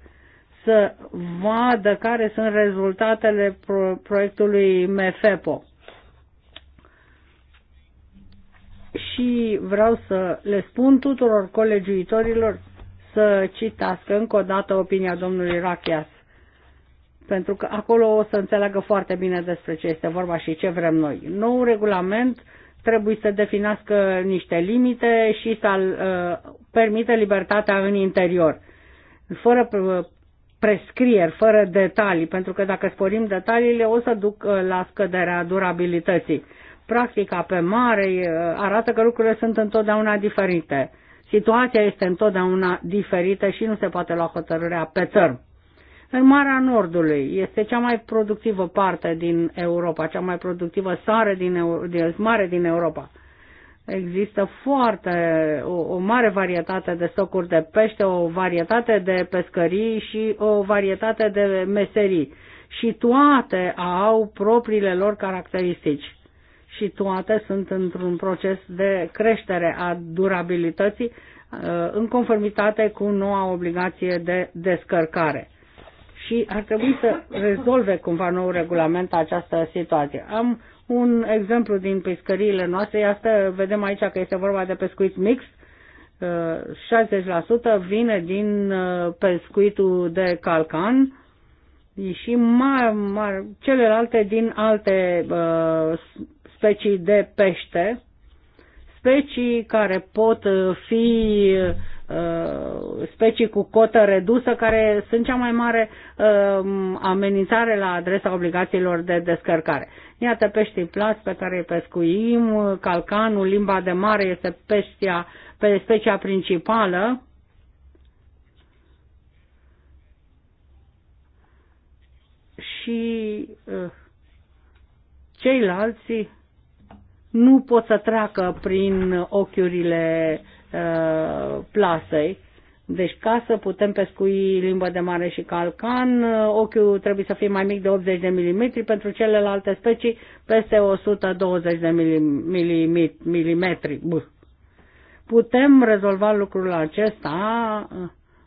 să vadă care sunt rezultatele pro- proiectului MFEPO. Și vreau să le spun tuturor colegiuitorilor să citească încă o dată opinia domnului Rachias, pentru că acolo o să înțeleagă foarte bine despre ce este vorba și ce vrem noi. Nou regulament uh, trebuie să definească niște limite și să uh, permită libertatea în interior, fără uh, prescrieri, fără detalii, pentru că dacă sporim detaliile o să duc uh, la scăderea durabilității. Practica pe mare arată că lucrurile sunt întotdeauna diferite. Situația este întotdeauna diferită și nu se poate lua hotărârea pe țărm în Marea Nordului. Este cea mai productivă parte din Europa, cea mai productivă sare din, din mare din Europa. Există foarte o, o mare varietate de stocuri de pește, o varietate de pescării și o varietate de meserii. Și toate au propriile lor caracteristici. Și toate sunt într-un proces de creștere a durabilității uh, în conformitate cu noua obligație de descărcare și ar trebui să rezolve cumva nou regulament această situație. Am un exemplu din pescăriile noastre, asta vedem aici că este vorba de pescuit mix, 60% uh, vine din uh, pescuitul de calcan și mai, mai, celelalte din alte uh, specii de pește, specii care pot uh, fi uh, Uh, specii cu cotă redusă, care sunt cea mai mare uh, amenințare la adresa obligațiilor de descărcare. Iată peștii plați pe care îi pescuim, calcanul, limba de mare este peștia, pe specia principală. Și uh, ceilalți nu pot să treacă prin ochiurile uh, Uh, plasei. Deci ca să putem pescui limbă de mare și calcan, uh, ochiul trebuie să fie mai mic de 80 de mm, pentru celelalte specii peste 120 de mm. Putem rezolva lucrul acesta,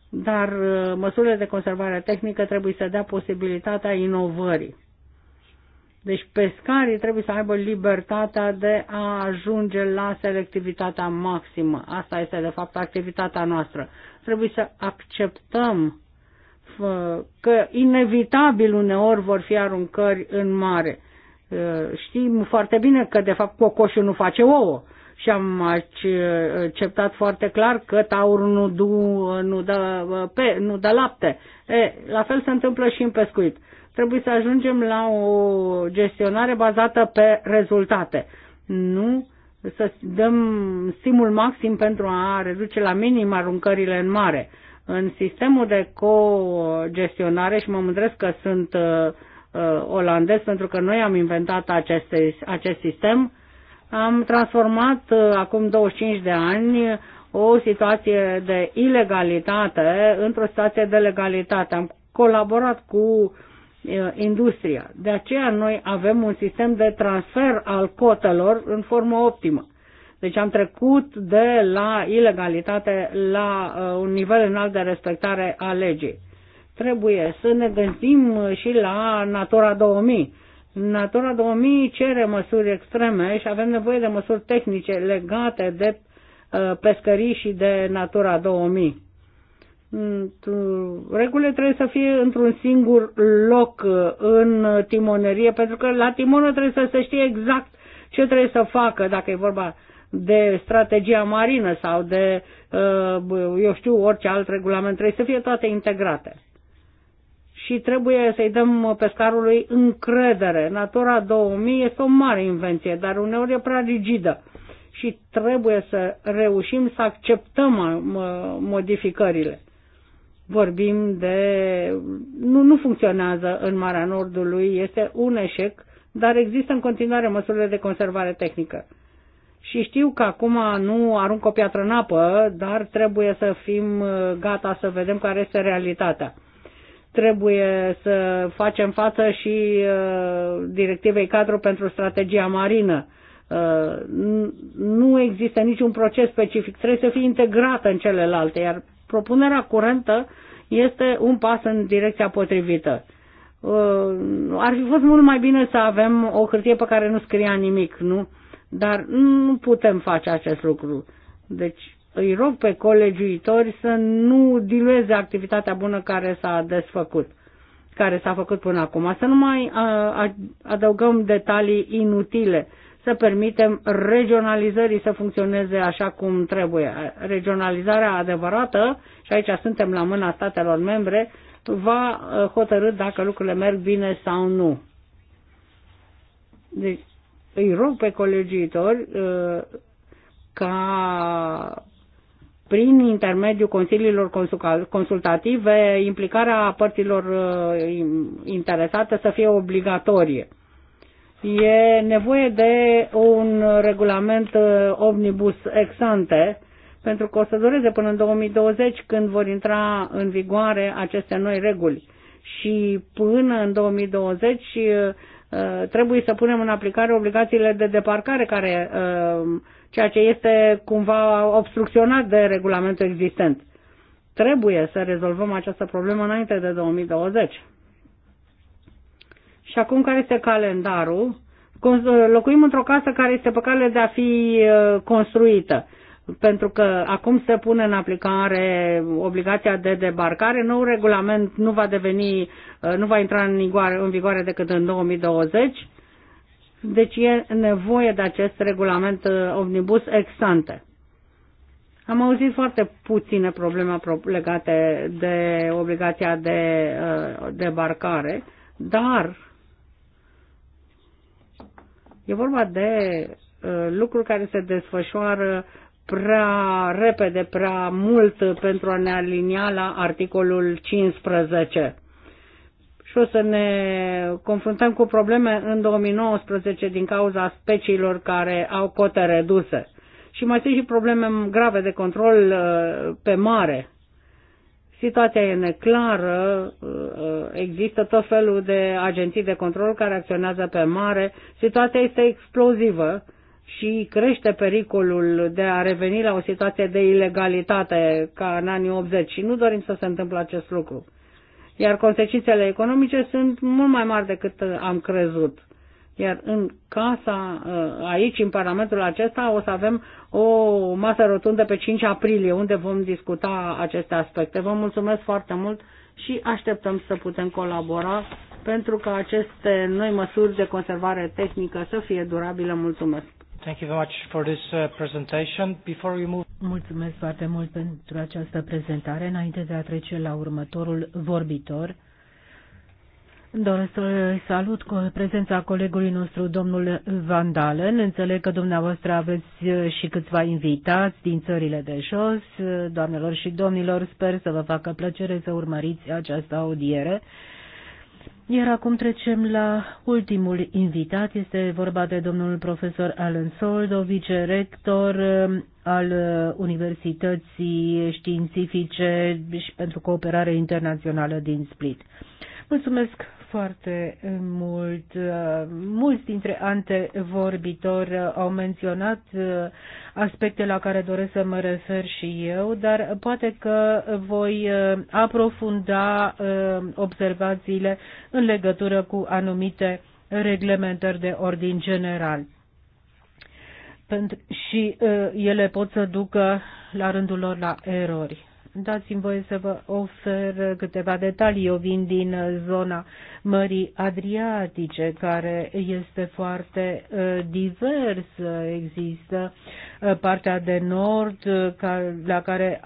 dar uh, măsurile de conservare tehnică trebuie să dea posibilitatea inovării. Deci pescarii trebuie să aibă libertatea de a ajunge la selectivitatea maximă. Asta este de fapt activitatea noastră. Trebuie să acceptăm că inevitabil uneori vor fi aruncări în mare. Știm foarte bine că de fapt cocoșul nu face ouă și am uh, acceptat foarte clar că taurul nu, du, nu, dă, uh, pe, nu dă lapte. E, la fel se întâmplă și în pescuit. Trebuie să ajungem la o gestionare bazată pe rezultate. Nu să dăm stimul maxim pentru a reduce la minim aruncările în mare. În sistemul de co-gestionare, și mă mândresc că sunt uh, uh olandez pentru că noi am inventat acest, acest sistem, am transformat uh, acum 25 de ani o situație de ilegalitate într-o situație de legalitate. Am colaborat cu Uh, industria. De aceea noi avem un sistem de transfer al cotelor în formă optimă. Deci am trecut de la ilegalitate la uh, un nivel înalt de respectare a legii. Trebuie să ne gândim și la Natura 2000. Natura 2000 cere măsuri extreme și avem nevoie de măsuri tehnice legate de uh, pescării și de Natura 2000. Regulile trebuie să fie într-un singur loc uh, în timonerie, pentru că la timonă trebuie să se știe exact ce trebuie să facă, dacă e vorba de strategia marină sau de, uh, eu știu, orice alt regulament. Trebuie să fie toate integrate. Și trebuie să-i dăm pescarului încredere. Natura 2000 este o mare invenție, dar uneori e prea rigidă. Și trebuie să reușim să acceptăm uh, modificările vorbim de... Nu, nu funcționează în Marea Nordului, este un eșec, dar există în continuare măsurile de conservare tehnică. Și știu că acum nu arunc o piatră în apă, dar trebuie să fim uh, gata să vedem care este realitatea. Trebuie să facem față și uh, directivei cadru pentru strategia marină. Uh, nu există niciun proces specific, trebuie să fie integrată în celelalte, iar propunerea curentă este un pas în direcția potrivită. Uh, ar fi fost mult mai bine să avem o hârtie pe care nu scria nimic, nu? Dar nu putem face acest lucru. Deci îi rog pe colegiuitori să nu dilueze activitatea bună care s-a desfăcut, care s-a făcut până acum, să nu mai uh, adăugăm detalii inutile să permitem regionalizării să funcționeze așa cum trebuie. Regionalizarea adevărată, și aici suntem la mâna statelor membre, va uh, hotărâ dacă lucrurile merg bine sau nu. Deci îi rog pe colegiitori uh, ca prin intermediul consiliilor consultative implicarea părților uh, interesate să fie obligatorie. E nevoie de un regulament uh, omnibus ante pentru că o să dureze până în 2020 când vor intra în vigoare aceste noi reguli. Și până în 2020 uh, trebuie să punem în aplicare obligațiile de deparcare, care, uh, ceea ce este cumva obstrucționat de regulamentul existent. Trebuie să rezolvăm această problemă înainte de 2020. Și acum care este calendarul? Locuim într-o casă care este pe cale de a fi uh, construită pentru că acum se pune în aplicare obligația de debarcare, nou regulament nu va deveni, uh, nu va intra în vigoare, în vigoare decât în 2020, deci e nevoie de acest regulament uh, omnibus exante. Am auzit foarte puține probleme legate de obligația de debarcare, dar E vorba de uh, lucruri care se desfășoară prea repede, prea mult pentru a ne alinia la articolul 15. Și o să ne confruntăm cu probleme în 2019 din cauza speciilor care au cote reduse. Și mai sunt și probleme grave de control uh, pe mare. Situația e neclară, uh, există tot felul de agenții de control care acționează pe mare, situația este explozivă și crește pericolul de a reveni la o situație de ilegalitate ca în anii 80 și nu dorim să se întâmple acest lucru. Iar consecințele economice sunt mult mai mari decât am crezut. Iar în casa, uh, aici, în Parlamentul acesta, o să avem o masă rotundă pe 5 aprilie unde vom discuta aceste aspecte. Vă mulțumesc foarte mult și așteptăm să putem colabora pentru ca aceste noi măsuri de conservare tehnică să fie durabile. Mulțumesc! Thank you very much for this uh, presentation. Before we move... Mulțumesc foarte mult pentru această prezentare. Înainte de a trece la următorul vorbitor, Doresc să salut cu prezența colegului nostru, domnul Van Dalen. Înțeleg că dumneavoastră aveți și câțiva invitați din țările de jos. Doamnelor și domnilor, sper să vă facă plăcere să urmăriți această audiere. Iar acum trecem la ultimul invitat. Este vorba de domnul profesor Alan Soldo, vicerector um, al Universității Științifice și pentru Cooperare Internațională din Split. Mulțumesc foarte mult. Mulți dintre antevorbitori au menționat aspecte la care doresc să mă refer și eu, dar poate că voi aprofunda uh, observațiile în legătură cu anumite reglementări de ordin general. Și uh, ele pot să ducă la rândul lor la erori. Dați-mi voie să vă ofer câteva detalii. Eu vin din zona Mării Adriatice, care este foarte uh, diversă. Există uh, partea de nord, uh, la care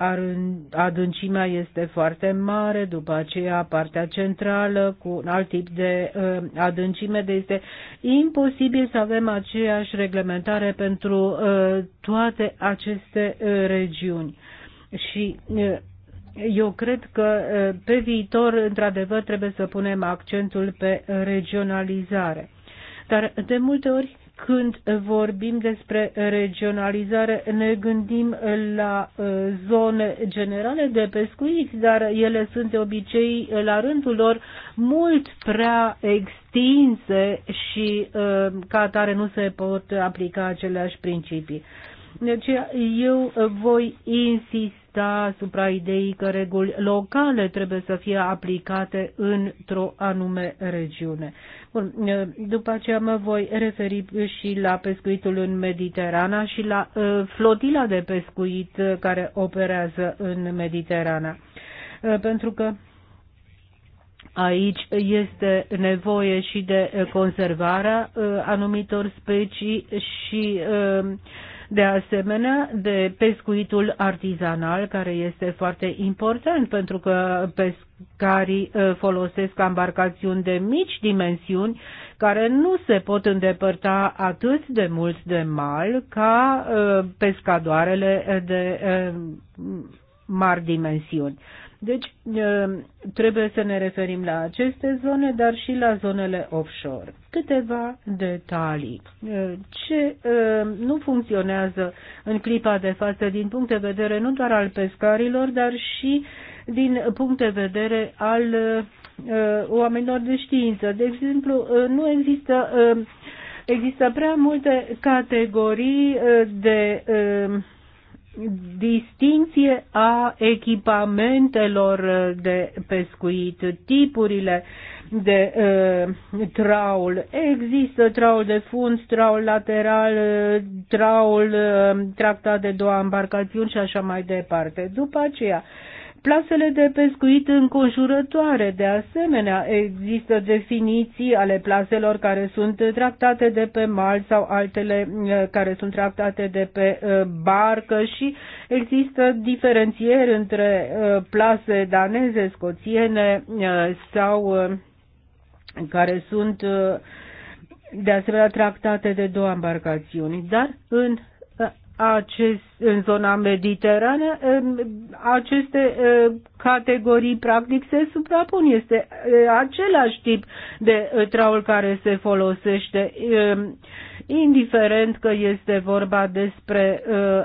adâncimea este foarte mare, după aceea partea centrală cu un alt tip de adâncime, de este imposibil să avem aceeași reglementare pentru toate aceste regiuni. Și eu cred că pe viitor, într-adevăr, trebuie să punem accentul pe regionalizare. Dar de multe ori când vorbim despre regionalizare, ne gândim la zone generale de pescuit, dar ele sunt de obicei, la rândul lor, mult prea extinse și ca atare nu se pot aplica aceleași principii. Deci eu voi insista insista asupra ideii că reguli locale trebuie să fie aplicate într-o anume regiune. Bun, după aceea mă voi referi și la pescuitul în Mediterana și la uh, flotila de pescuit care operează în Mediterana. Uh, pentru că Aici este nevoie și de conservarea uh, anumitor specii și de asemenea de pescuitul artizanal, care este foarte important pentru că pescarii uh, folosesc embarcațiuni de mici dimensiuni care nu se pot îndepărta atât de mult de mal ca uh, pescadoarele de uh, mari dimensiuni. Deci trebuie să ne referim la aceste zone, dar și la zonele offshore. Câteva detalii. Ce nu funcționează în clipa de față din punct de vedere nu doar al pescarilor, dar și din punct de vedere al oamenilor de știință. De exemplu, nu există există prea multe categorii de distinție a echipamentelor de pescuit, tipurile de uh, traul. Există traul de fund, traul lateral, traul uh, tractat de două embarcațiuni și așa mai departe. După aceea, Plasele de pescuit înconjurătoare, de asemenea, există definiții ale plaselor care sunt tractate de pe mal sau altele uh, care sunt tractate de pe uh, barcă și există diferențieri între uh, plase daneze, scoțiene sau care sunt de asemenea tractate de două embarcațiuni, dar în acest, în zona mediterană, aceste categorii practic se suprapun. Este același tip de traul care se folosește, indiferent că este vorba despre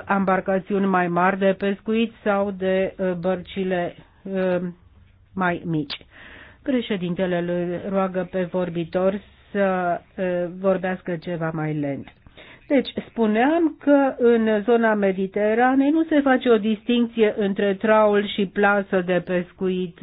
embarcațiuni mai mari de pescuit sau de bărcile mai mici. Președintele îl roagă pe vorbitor să vorbească ceva mai lent. Deci, spuneam că în zona Mediteranei nu se face o distinție între traul și plasă de pescuit.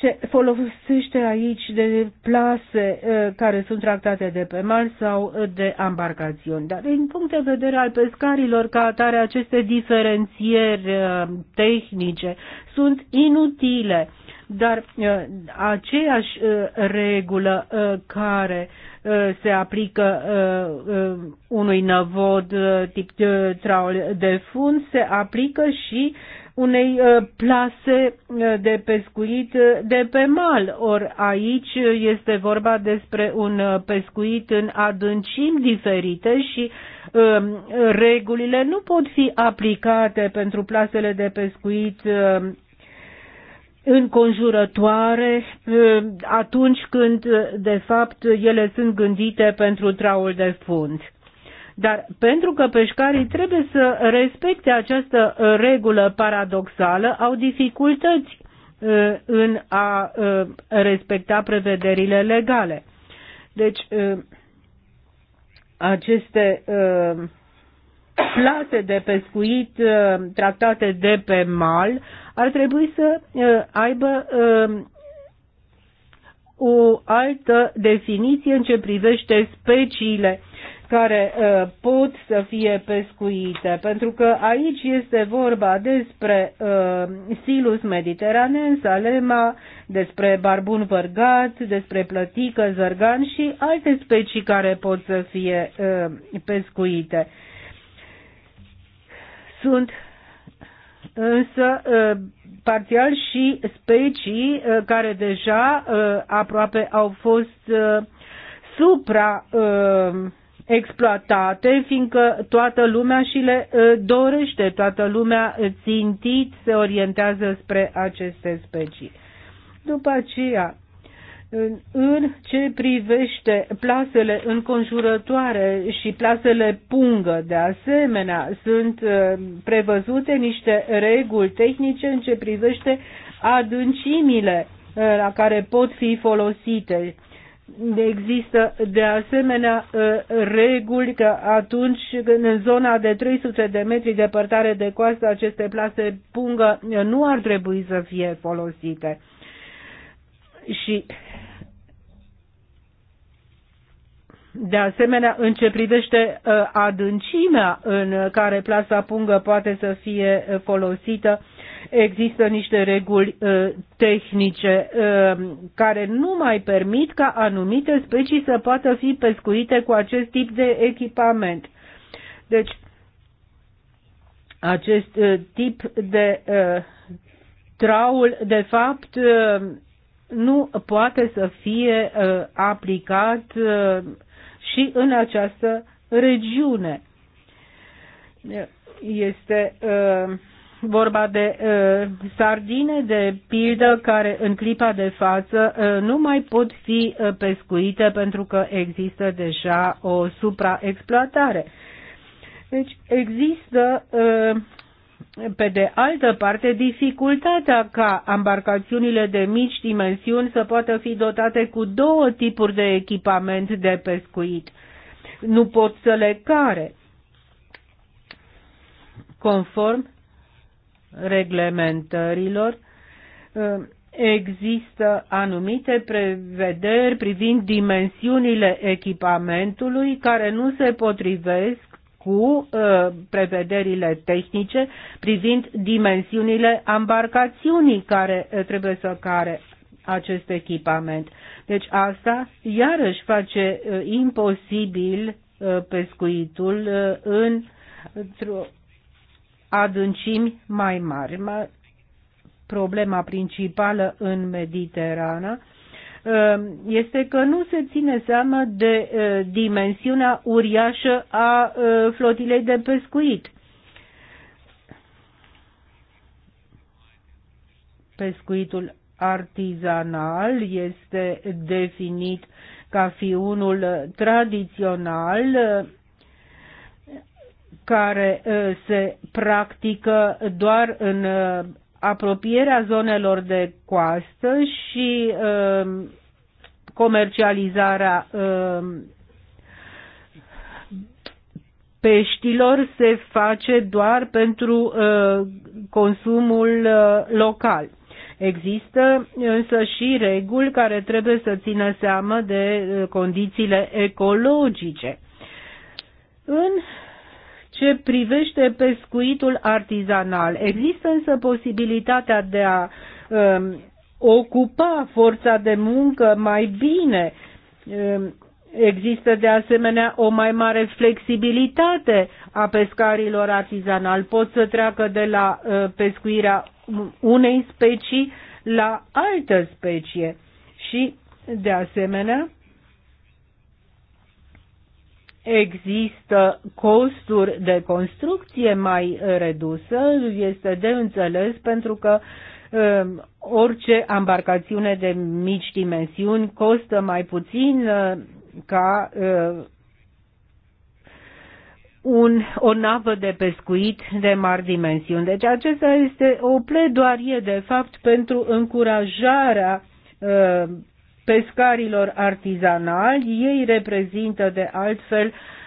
Se folosește aici de plase eh, care sunt tractate de pe mal sau de ambarcațiuni. Dar din punct de vedere al pescarilor, ca atare, aceste diferențieri eh, tehnice sunt inutile. Dar eh, aceeași regulă care uh, Uh, se aplică uh, uh, unui năvod tip de traul de fund, se aplică și unei plase de pescuit de pe mal. Ori aici este vorba despre un pescuit în adâncimi diferite și um, regulile nu pot fi aplicate pentru plasele de pescuit um, înconjurătoare ă, atunci când, ă, de fapt, ele sunt gândite pentru traul de fund. Dar pentru că pescarii trebuie să respecte această ă, regulă paradoxală, au dificultăți în a respecta prevederile legale. Deci, aceste uh, plase de pescuit uh, tractate de pe mal ar trebui să uh, aibă uh, o altă definiție în ce privește speciile care pot să fie pescuite, pentru că aici este vorba despre uh, silus mediteranean, salema, despre barbun vărgat, despre plătică, zărgan și alte specii care pot să fie uh, pescuite. Uh, sunt însă ă, parțial și specii ă, care deja ă, aproape au fost supra exploatate, fiindcă toată lumea și le dorește, toată lumea țintit se orientează spre aceste specii. După aceea, în ce privește plasele înconjurătoare și plasele pungă, de asemenea, sunt uh, prevăzute niște reguli tehnice în ce privește adâncimile uh, la care pot fi folosite. Există de asemenea uh, reguli că atunci când în zona de 300 de metri departare de coastă aceste plase pungă nu ar trebui să fie folosite. Și De asemenea, în ce privește uh, adâncimea în care plasa pungă poate să fie uh, folosită, există niște reguli uh, tehnice care nu mai permit ca anumite specii să poată fi pescuite cu acest tip de echipament. Deci, acest tip de traul, de fapt, nu poate să fie aplicat și în această regiune. Este uh, vorba de uh, sardine, de pildă, care în clipa de față uh, nu mai pot fi uh, pescuite pentru că există deja o supraexploatare. Deci există uh, pe de altă parte, dificultatea ca embarcațiunile de mici dimensiuni să poată fi dotate cu două tipuri de echipament de pescuit. Nu pot să le care. Conform reglementărilor, există anumite prevederi privind dimensiunile echipamentului care nu se potrivesc cu uh, prevederile tehnice privind dimensiunile ambarcațiunii care uh, trebuie să care acest echipament. Deci asta iarăși face uh, imposibil pescuitul în adâncimi mai mari. Problema principală în Mediterana Ehm, este că nu se ține seama de eh, dimensiunea uriașă a eh, flotilei de pescuit. Pescuitul artizanal este definit ca fi unul eh, tradițional care se practică doar în apropierea zonelor de coastă și um, comercializarea um, peștilor se face doar pentru uh, consumul uh, local. Există însă și reguli care trebuie să țină seamă de uh, condițiile ecologice. În ce privește pescuitul artizanal. Există însă posibilitatea de a um, ocupa forța de muncă mai bine. Um, Există de asemenea o mai mare flexibilitate a pescarilor artizanal. Pot să treacă de la uh, pescuirea unei specii la altă specie. Și, de asemenea, există costuri de construcție mai redusă, este de înțeles pentru că um, orice embarcațiune de mici dimensiuni costă mai puțin uh, ca uh, un, o navă de pescuit de mari dimensiuni. Deci acesta este o pledoarie, de fapt, pentru încurajarea uh, pescarilor artizanali. Ei reprezintă de altfel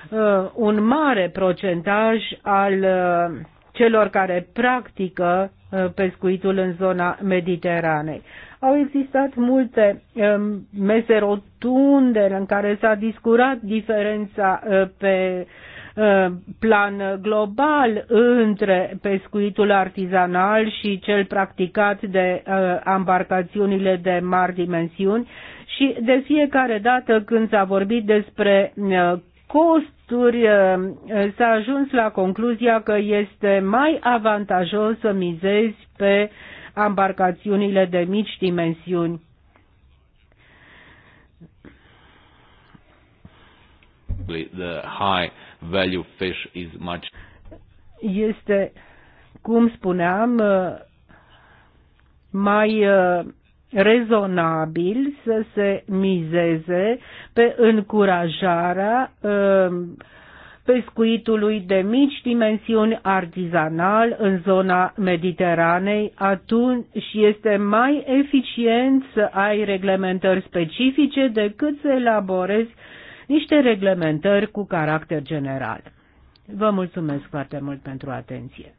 uh, un mare procentaj al uh, celor care practică uh, pescuitul în zona Mediteranei. Au existat multe um, mese rotunde în care s-a discutat diferența pe Uh, plan global între pescuitul artizanal și cel practicat de ambarcațiunile uh, de mari dimensiuni și de fiecare dată când s-a vorbit despre uh, costuri, s-a ajuns la concluzia că este mai avantajos să mizezi pe ambarcațiunile de mici dimensiuni. The high value fish is much. Este, cum spuneam, uh, mai uh, rezonabil să se mizeze pe încurajarea uh, pescuitului de mici dimensiuni artizanal în zona Mediteranei, atunci și este mai eficient să ai reglementări specifice decât să elaborezi niște reglementări cu caracter general. Vă mulțumesc foarte mult pentru atenție.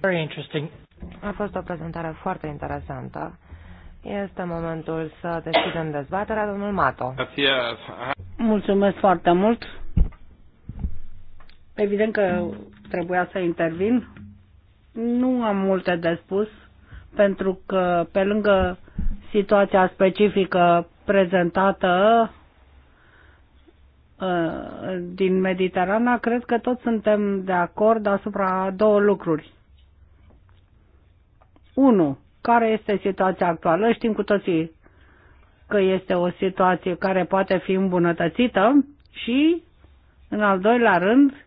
Very interesting. A fost o prezentare foarte interesantă. Este momentul să deschidem dezbaterea, domnul Mato. Mulțumesc foarte mult. Evident că trebuia să intervin. Nu am multe de spus, pentru că pe lângă situația specifică prezentată, Uh, din Mediterana, cred că toți suntem de acord asupra două lucruri. Unu, Care este situația actuală? Știm cu toții că este o situație care poate fi îmbunătățită și, în al doilea rând,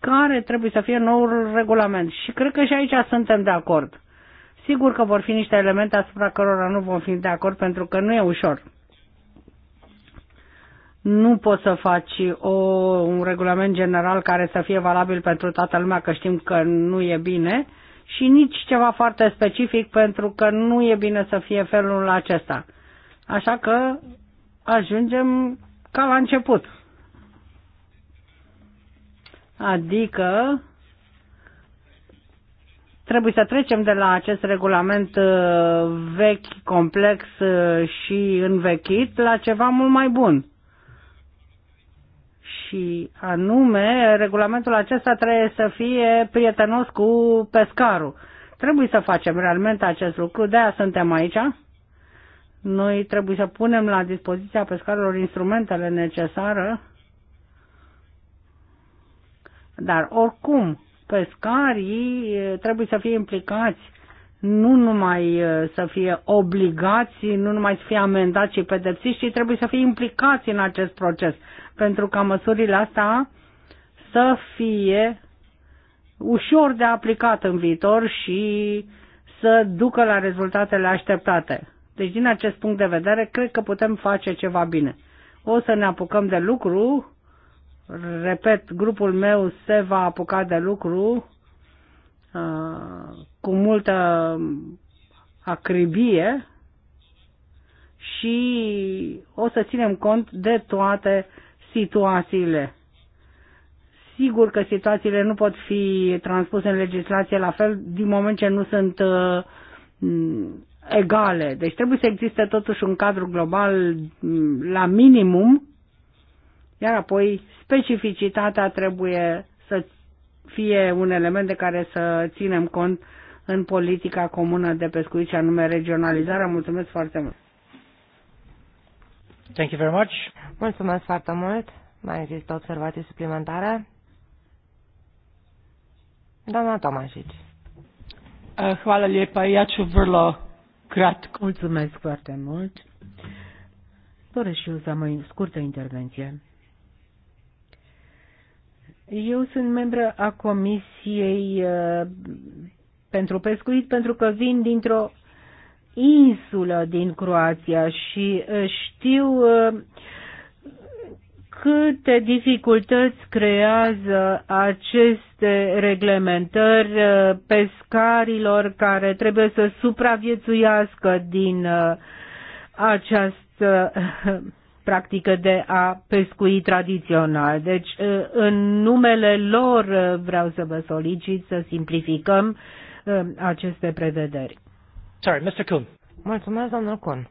care trebuie să fie noul regulament. Și cred că și aici suntem de acord. Sigur că vor fi niște elemente asupra cărora nu vom fi de acord pentru că nu e ușor nu poți să faci o, un regulament general care să fie valabil pentru toată lumea, că știm că nu e bine, și nici ceva foarte specific, pentru că nu e bine să fie felul acesta. Așa că ajungem ca la început. Adică trebuie să trecem de la acest regulament uh, vechi, complex uh, și învechit la ceva mult mai bun și anume regulamentul acesta trebuie să fie prietenos cu pescarul. Trebuie să facem realmente acest lucru, de aia suntem aici. Noi trebuie să punem la dispoziția pescarilor instrumentele necesare, dar oricum pescarii eh, trebuie să fie implicați nu numai eh, să fie obligați, nu numai să fie amendați și pedepsiți, ci trebuie să fie implicați în acest proces pentru ca măsurile astea să fie ușor de aplicat în viitor și să ducă la rezultatele așteptate. Deci, din acest punct de vedere, cred că putem face ceva bine. O să ne apucăm de lucru, repet, grupul meu se va apuca de lucru uh, cu multă acribie și o să ținem cont de toate situațiile. Sigur că situațiile nu pot fi transpuse în legislație la fel din moment ce nu sunt uh, egale. Deci trebuie să existe totuși un cadru global la minimum, iar apoi specificitatea trebuie să fie un element de care să ținem cont în politica comună de pescuit și anume regionalizarea. Mulțumesc foarte mult! Thank you very much. Mulțumesc foarte mult. Mai există observații suplimentare? Doamna Uh, Hvala lijepa, ja ću vrlo kratko. Mulțumesc foarte mult. Doresc și eu să mai scurtă intervenție. Eu sunt membră a Comisiei uh, pentru Pescuit pentru că vin dintr-o insulă din Croația și știu câte dificultăți creează aceste reglementări pescarilor care trebuie să supraviețuiască din această practică de a pescui tradițional. Deci, în numele lor vreau să vă solicit să simplificăm aceste prevederi. Sorry, Mr. Kuhn. Mulțumesc, domnul Kuhn.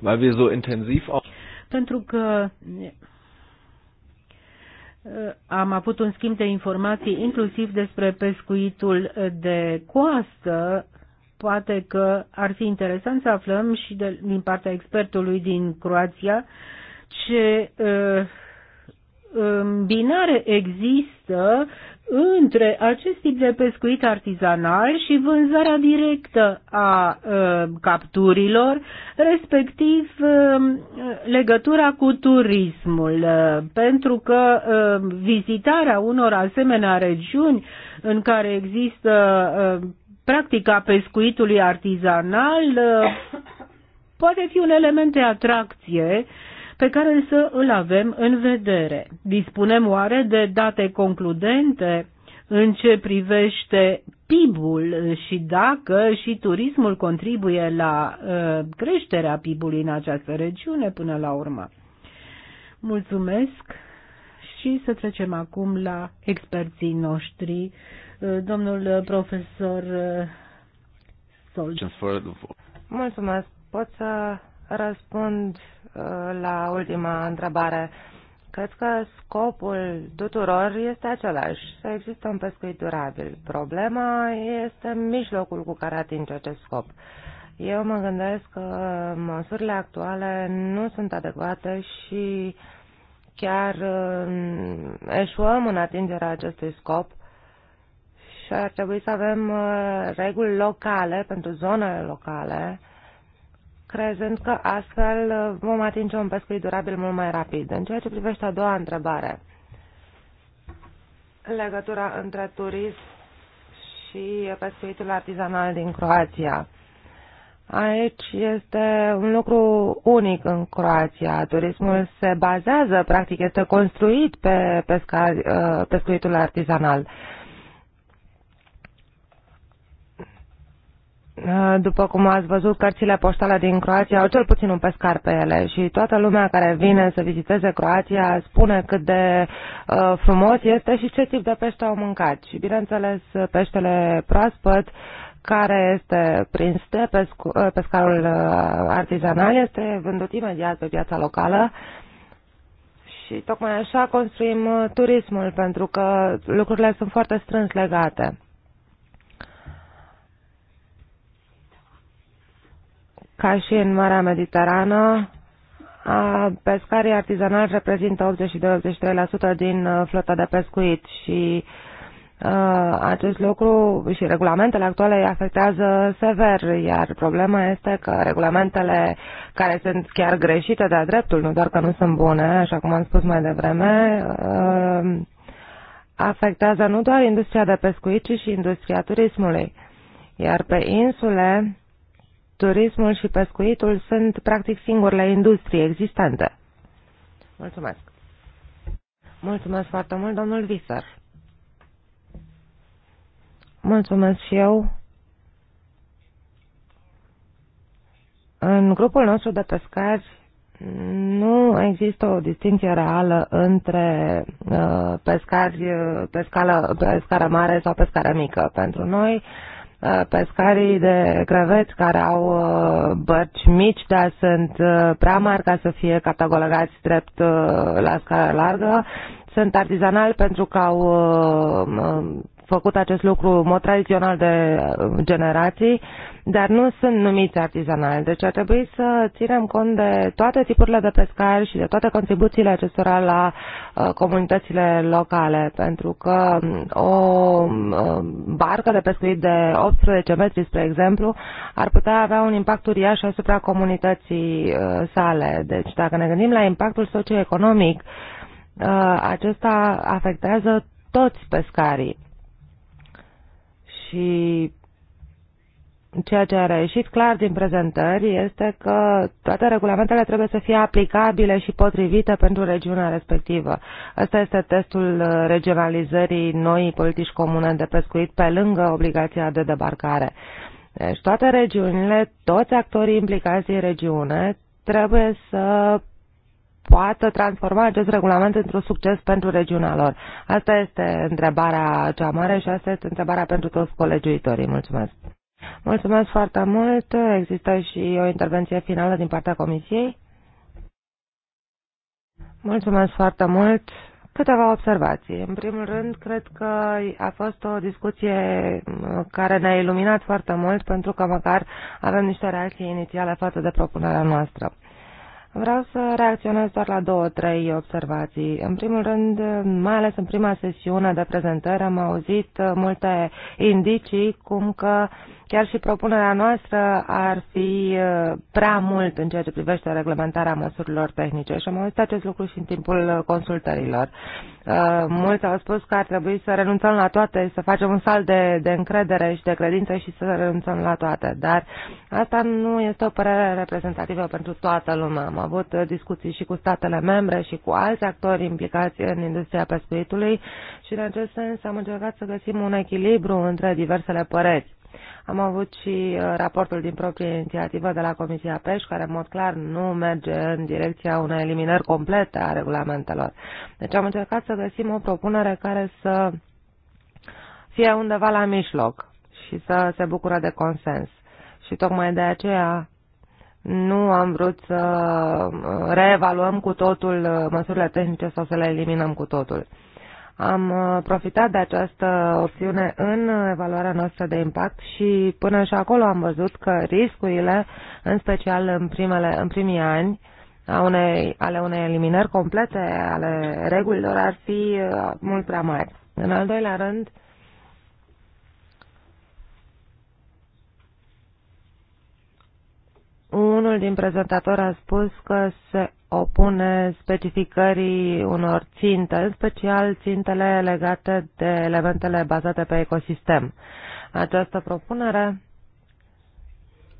Weil wir so intensiv auch pentru că eh, am avut un schimb de informații inclusiv despre pescuitul de coastă. Poate că ar fi interesant să aflăm și de, din partea expertului din Croația ce uh, eh, binare există între acest tip de pescuit artizanal și vânzarea directă a uh, capturilor, respectiv uh, legătura cu turismul, uh, pentru că uh, vizitarea unor asemenea regiuni în care există uh, practica pescuitului artizanal uh, poate fi un element de atracție uh, pe care să îl avem în vedere. Dispunem oare de date concludente în ce privește PIB-ul și dacă și turismul contribuie la uh, creșterea PIB-ului în această regiune până la urmă. Mulțumesc și să trecem acum la experții noștri. Uh, domnul profesor uh, Sol. Mulțumesc. Pot să răspund Uh, la ultima întrebare. Cred că scopul tuturor este același, să există un pescuit durabil. Problema este mijlocul cu care atinge acest scop. Eu mă gândesc că măsurile actuale nu sunt adecvate și chiar uh, eșuăm în atingerea acestui scop și ar trebui să avem uh, reguli locale pentru zonele locale crezând că astfel uh, vom atinge un pescuit durabil mult mai rapid. În ceea ce privește a doua întrebare, legătura între turism și pescuitul artizanal din Croația. Aici este un lucru unic în Croația. Turismul se bazează, practic, este construit pe pesca, uh, pescuitul artizanal. Eh, după cum ați văzut, cărțile poștale din Croația au cel puțin un pescar pe ele și toată lumea care vine să viziteze Croația spune cât de uh, frumos este și ce tip de pește au mâncat. Și bineînțeles, peștele proaspăt, care este prins de eh, pescarul artizanal, este vândut imediat pe piața locală. Și tocmai așa construim turismul, pentru că lucrurile sunt foarte strâns legate. Ca și în Marea Mediterană, pescarii artizanali reprezintă 82-83% din uh, flota de pescuit și uh, acest lucru și regulamentele actuale îi afectează sever, iar problema este că regulamentele care sunt chiar greșite de-a dreptul, nu doar că nu sunt bune, așa cum am spus mai devreme, uh, afectează nu doar industria de pescuit, ci și industria turismului. Iar pe insule, turismul și pescuitul sunt practic singurele industrie existente. Mulțumesc. Mulțumesc foarte mult, domnul Visar. Mulțumesc și eu. În grupul nostru de pescari nu există o distinție reală între uh, pescari, uh, pescală, pescară mare sau pescară mică. Pentru noi, uh, Uh, pescarii de creveți care au uh, bărci mici, dar sunt uh, prea mari ca să fie catalogați drept la scară largă, sunt artizanali pentru că au făcut acest lucru în mod tradițional de uh, generații, dar nu sunt numiți artizanali. Deci ar trebui să ținem cont de toate tipurile de pescari și de toate contribuțiile acestora la uh, comunitățile locale, pentru că um, o um, barcă de pescuit de 18 metri, spre exemplu, ar putea avea un impact uriaș asupra comunității uh, sale. Deci dacă ne gândim la impactul socioeconomic, acesta afectează toți pescarii. Și ceea ce a reieșit clar din prezentări este că toate regulamentele trebuie să fie aplicabile și potrivite pentru regiunea respectivă. Asta este testul regionalizării noii politici comune de pescuit pe lângă obligația de debarcare. Deci toate regiunile, toți actorii implicați în regiune trebuie să poată transforma acest regulament într-un succes pentru regiunea lor? Asta este întrebarea cea mare și asta este întrebarea pentru toți colegiuitorii. Mulțumesc! Mulțumesc foarte mult. Există și o intervenție finală din partea Comisiei. Mulțumesc foarte mult. Câteva observații. În primul rând, cred că a fost o discuție uh, care ne-a iluminat foarte mult pentru că măcar avem niște reacții inițiale față de propunerea noastră. Vreau să reacționez doar la două, trei observații. În primul rând, mai ales în prima sesiune de prezentare, am auzit multe indicii cum că uh, Chiar și propunerea noastră ar fi uh, prea mult în ceea ce privește reglementarea măsurilor tehnice și am auzit acest lucru și în timpul uh, consultărilor. Uh, mulți au spus că ar trebui să renunțăm la toate, să facem un sal de, de încredere și de credință și să renunțăm la toate, dar asta nu este o părere reprezentativă pentru toată lumea. Am avut discuții și cu statele membre și cu alți actori implicați în industria pescuitului și în acest sens am încercat să găsim un echilibru între diversele păreri am avut și uh, raportul din proprie inițiativă de la Comisia PEș, care în mod clar nu merge în direcția unei eliminări complete a regulamentelor. Deci am încercat să găsim o propunere care să fie undeva la mijloc și să se bucure de consens. Și tocmai de aceea nu am vrut să uh, reevaluăm cu totul uh, măsurile tehnice sau să le eliminăm cu totul. Am uh, profitat de această opțiune în evaluarea noastră de impact și până și acolo am văzut că riscurile, în special în, primele, în primii ani, a unei, ale unei eliminări complete ale regulilor ar fi uh, mult prea mari. În al doilea rând, uh, Unul din prezentatori a spus că se opune specificării unor ținte, în special țintele legate de elementele bazate pe ecosistem. Această propunere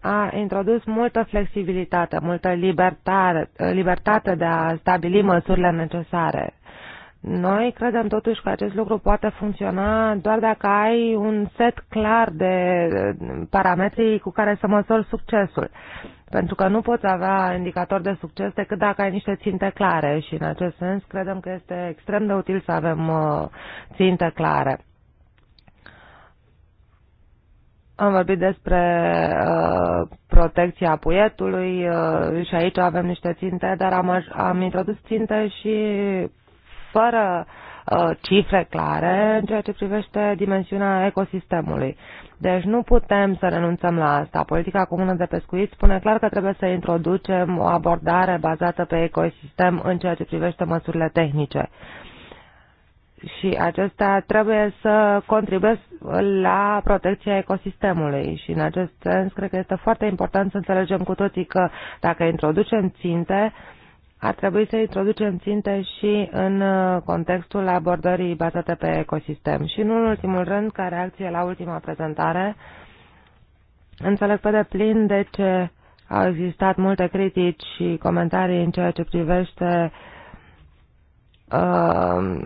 a introdus multă flexibilitate, multă libertate, libertate de a stabili măsurile necesare noi credem totuși că acest lucru poate funcționa doar dacă ai un set clar de parametri cu care să măsori succesul. Pentru că nu poți avea indicatori de succes decât dacă ai niște ținte clare și în acest sens credem că este extrem de util să avem uh, ținte clare. Am vorbit despre uh, protecția puietului uh, și aici avem niște ținte, dar am, am introdus ținte și fără uh, cifre clare în ceea ce privește dimensiunea ecosistemului. Deci nu putem să renunțăm la asta. Politica comună de pescuit spune clar că trebuie să introducem o abordare bazată pe ecosistem în ceea ce privește măsurile tehnice. Și acestea trebuie să contribuie la protecția ecosistemului și în acest sens cred că este foarte important să înțelegem cu toții că dacă introducem ținte, uh, ar trebui să introducem ținte și în uh, contextul abordării bazate pe ecosistem. Și nu în ultimul rând, ca reacție la ultima prezentare, înțeleg pe deplin de ce au existat multe critici și comentarii în ceea ce privește uh,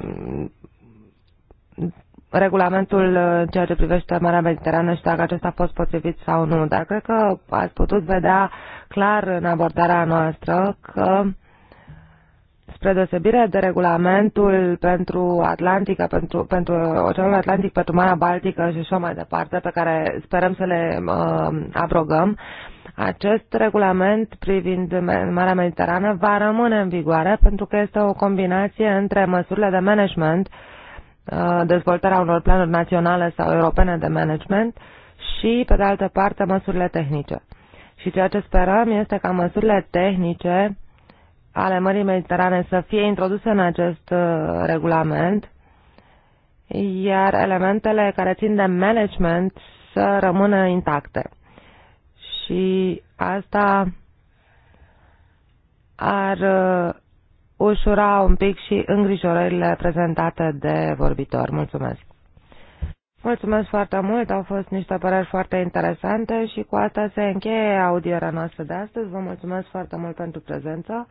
regulamentul uh, în ceea ce privește Marea Mediterană și dacă acesta a fost potrivit sau nu. Dar cred că ați putut vedea clar în abordarea noastră că spre deosebire de regulamentul pentru Atlantica, pentru, pentru Oceanul Atlantic, pentru Marea Baltică și așa mai departe, pe care sperăm să le uh, abrogăm, acest regulament privind Marea Mediterană va rămâne în vigoare pentru că este o combinație între măsurile de management, uh, dezvoltarea unor planuri naționale sau europene de management și, pe de altă parte, măsurile tehnice. Și ceea ce sperăm este ca măsurile tehnice ale Mării Mediterane să fie introduse în acest uh, regulament, iar elementele care țin de management să rămână intacte. Și asta ar uh, ușura un pic și îngrijorările prezentate de vorbitor. Mulțumesc! Mulțumesc foarte mult, au fost niște păreri foarte interesante și cu asta se încheie audierea noastră de astăzi. Vă mulțumesc foarte mult pentru prezență.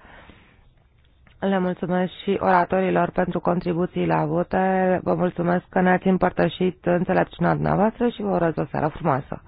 Le mulțumesc și oratorilor pentru contribuții la vote. Vă mulțumesc că ne-ați împărtășit înțelepciunea dumneavoastră și vă urez o seară frumoasă.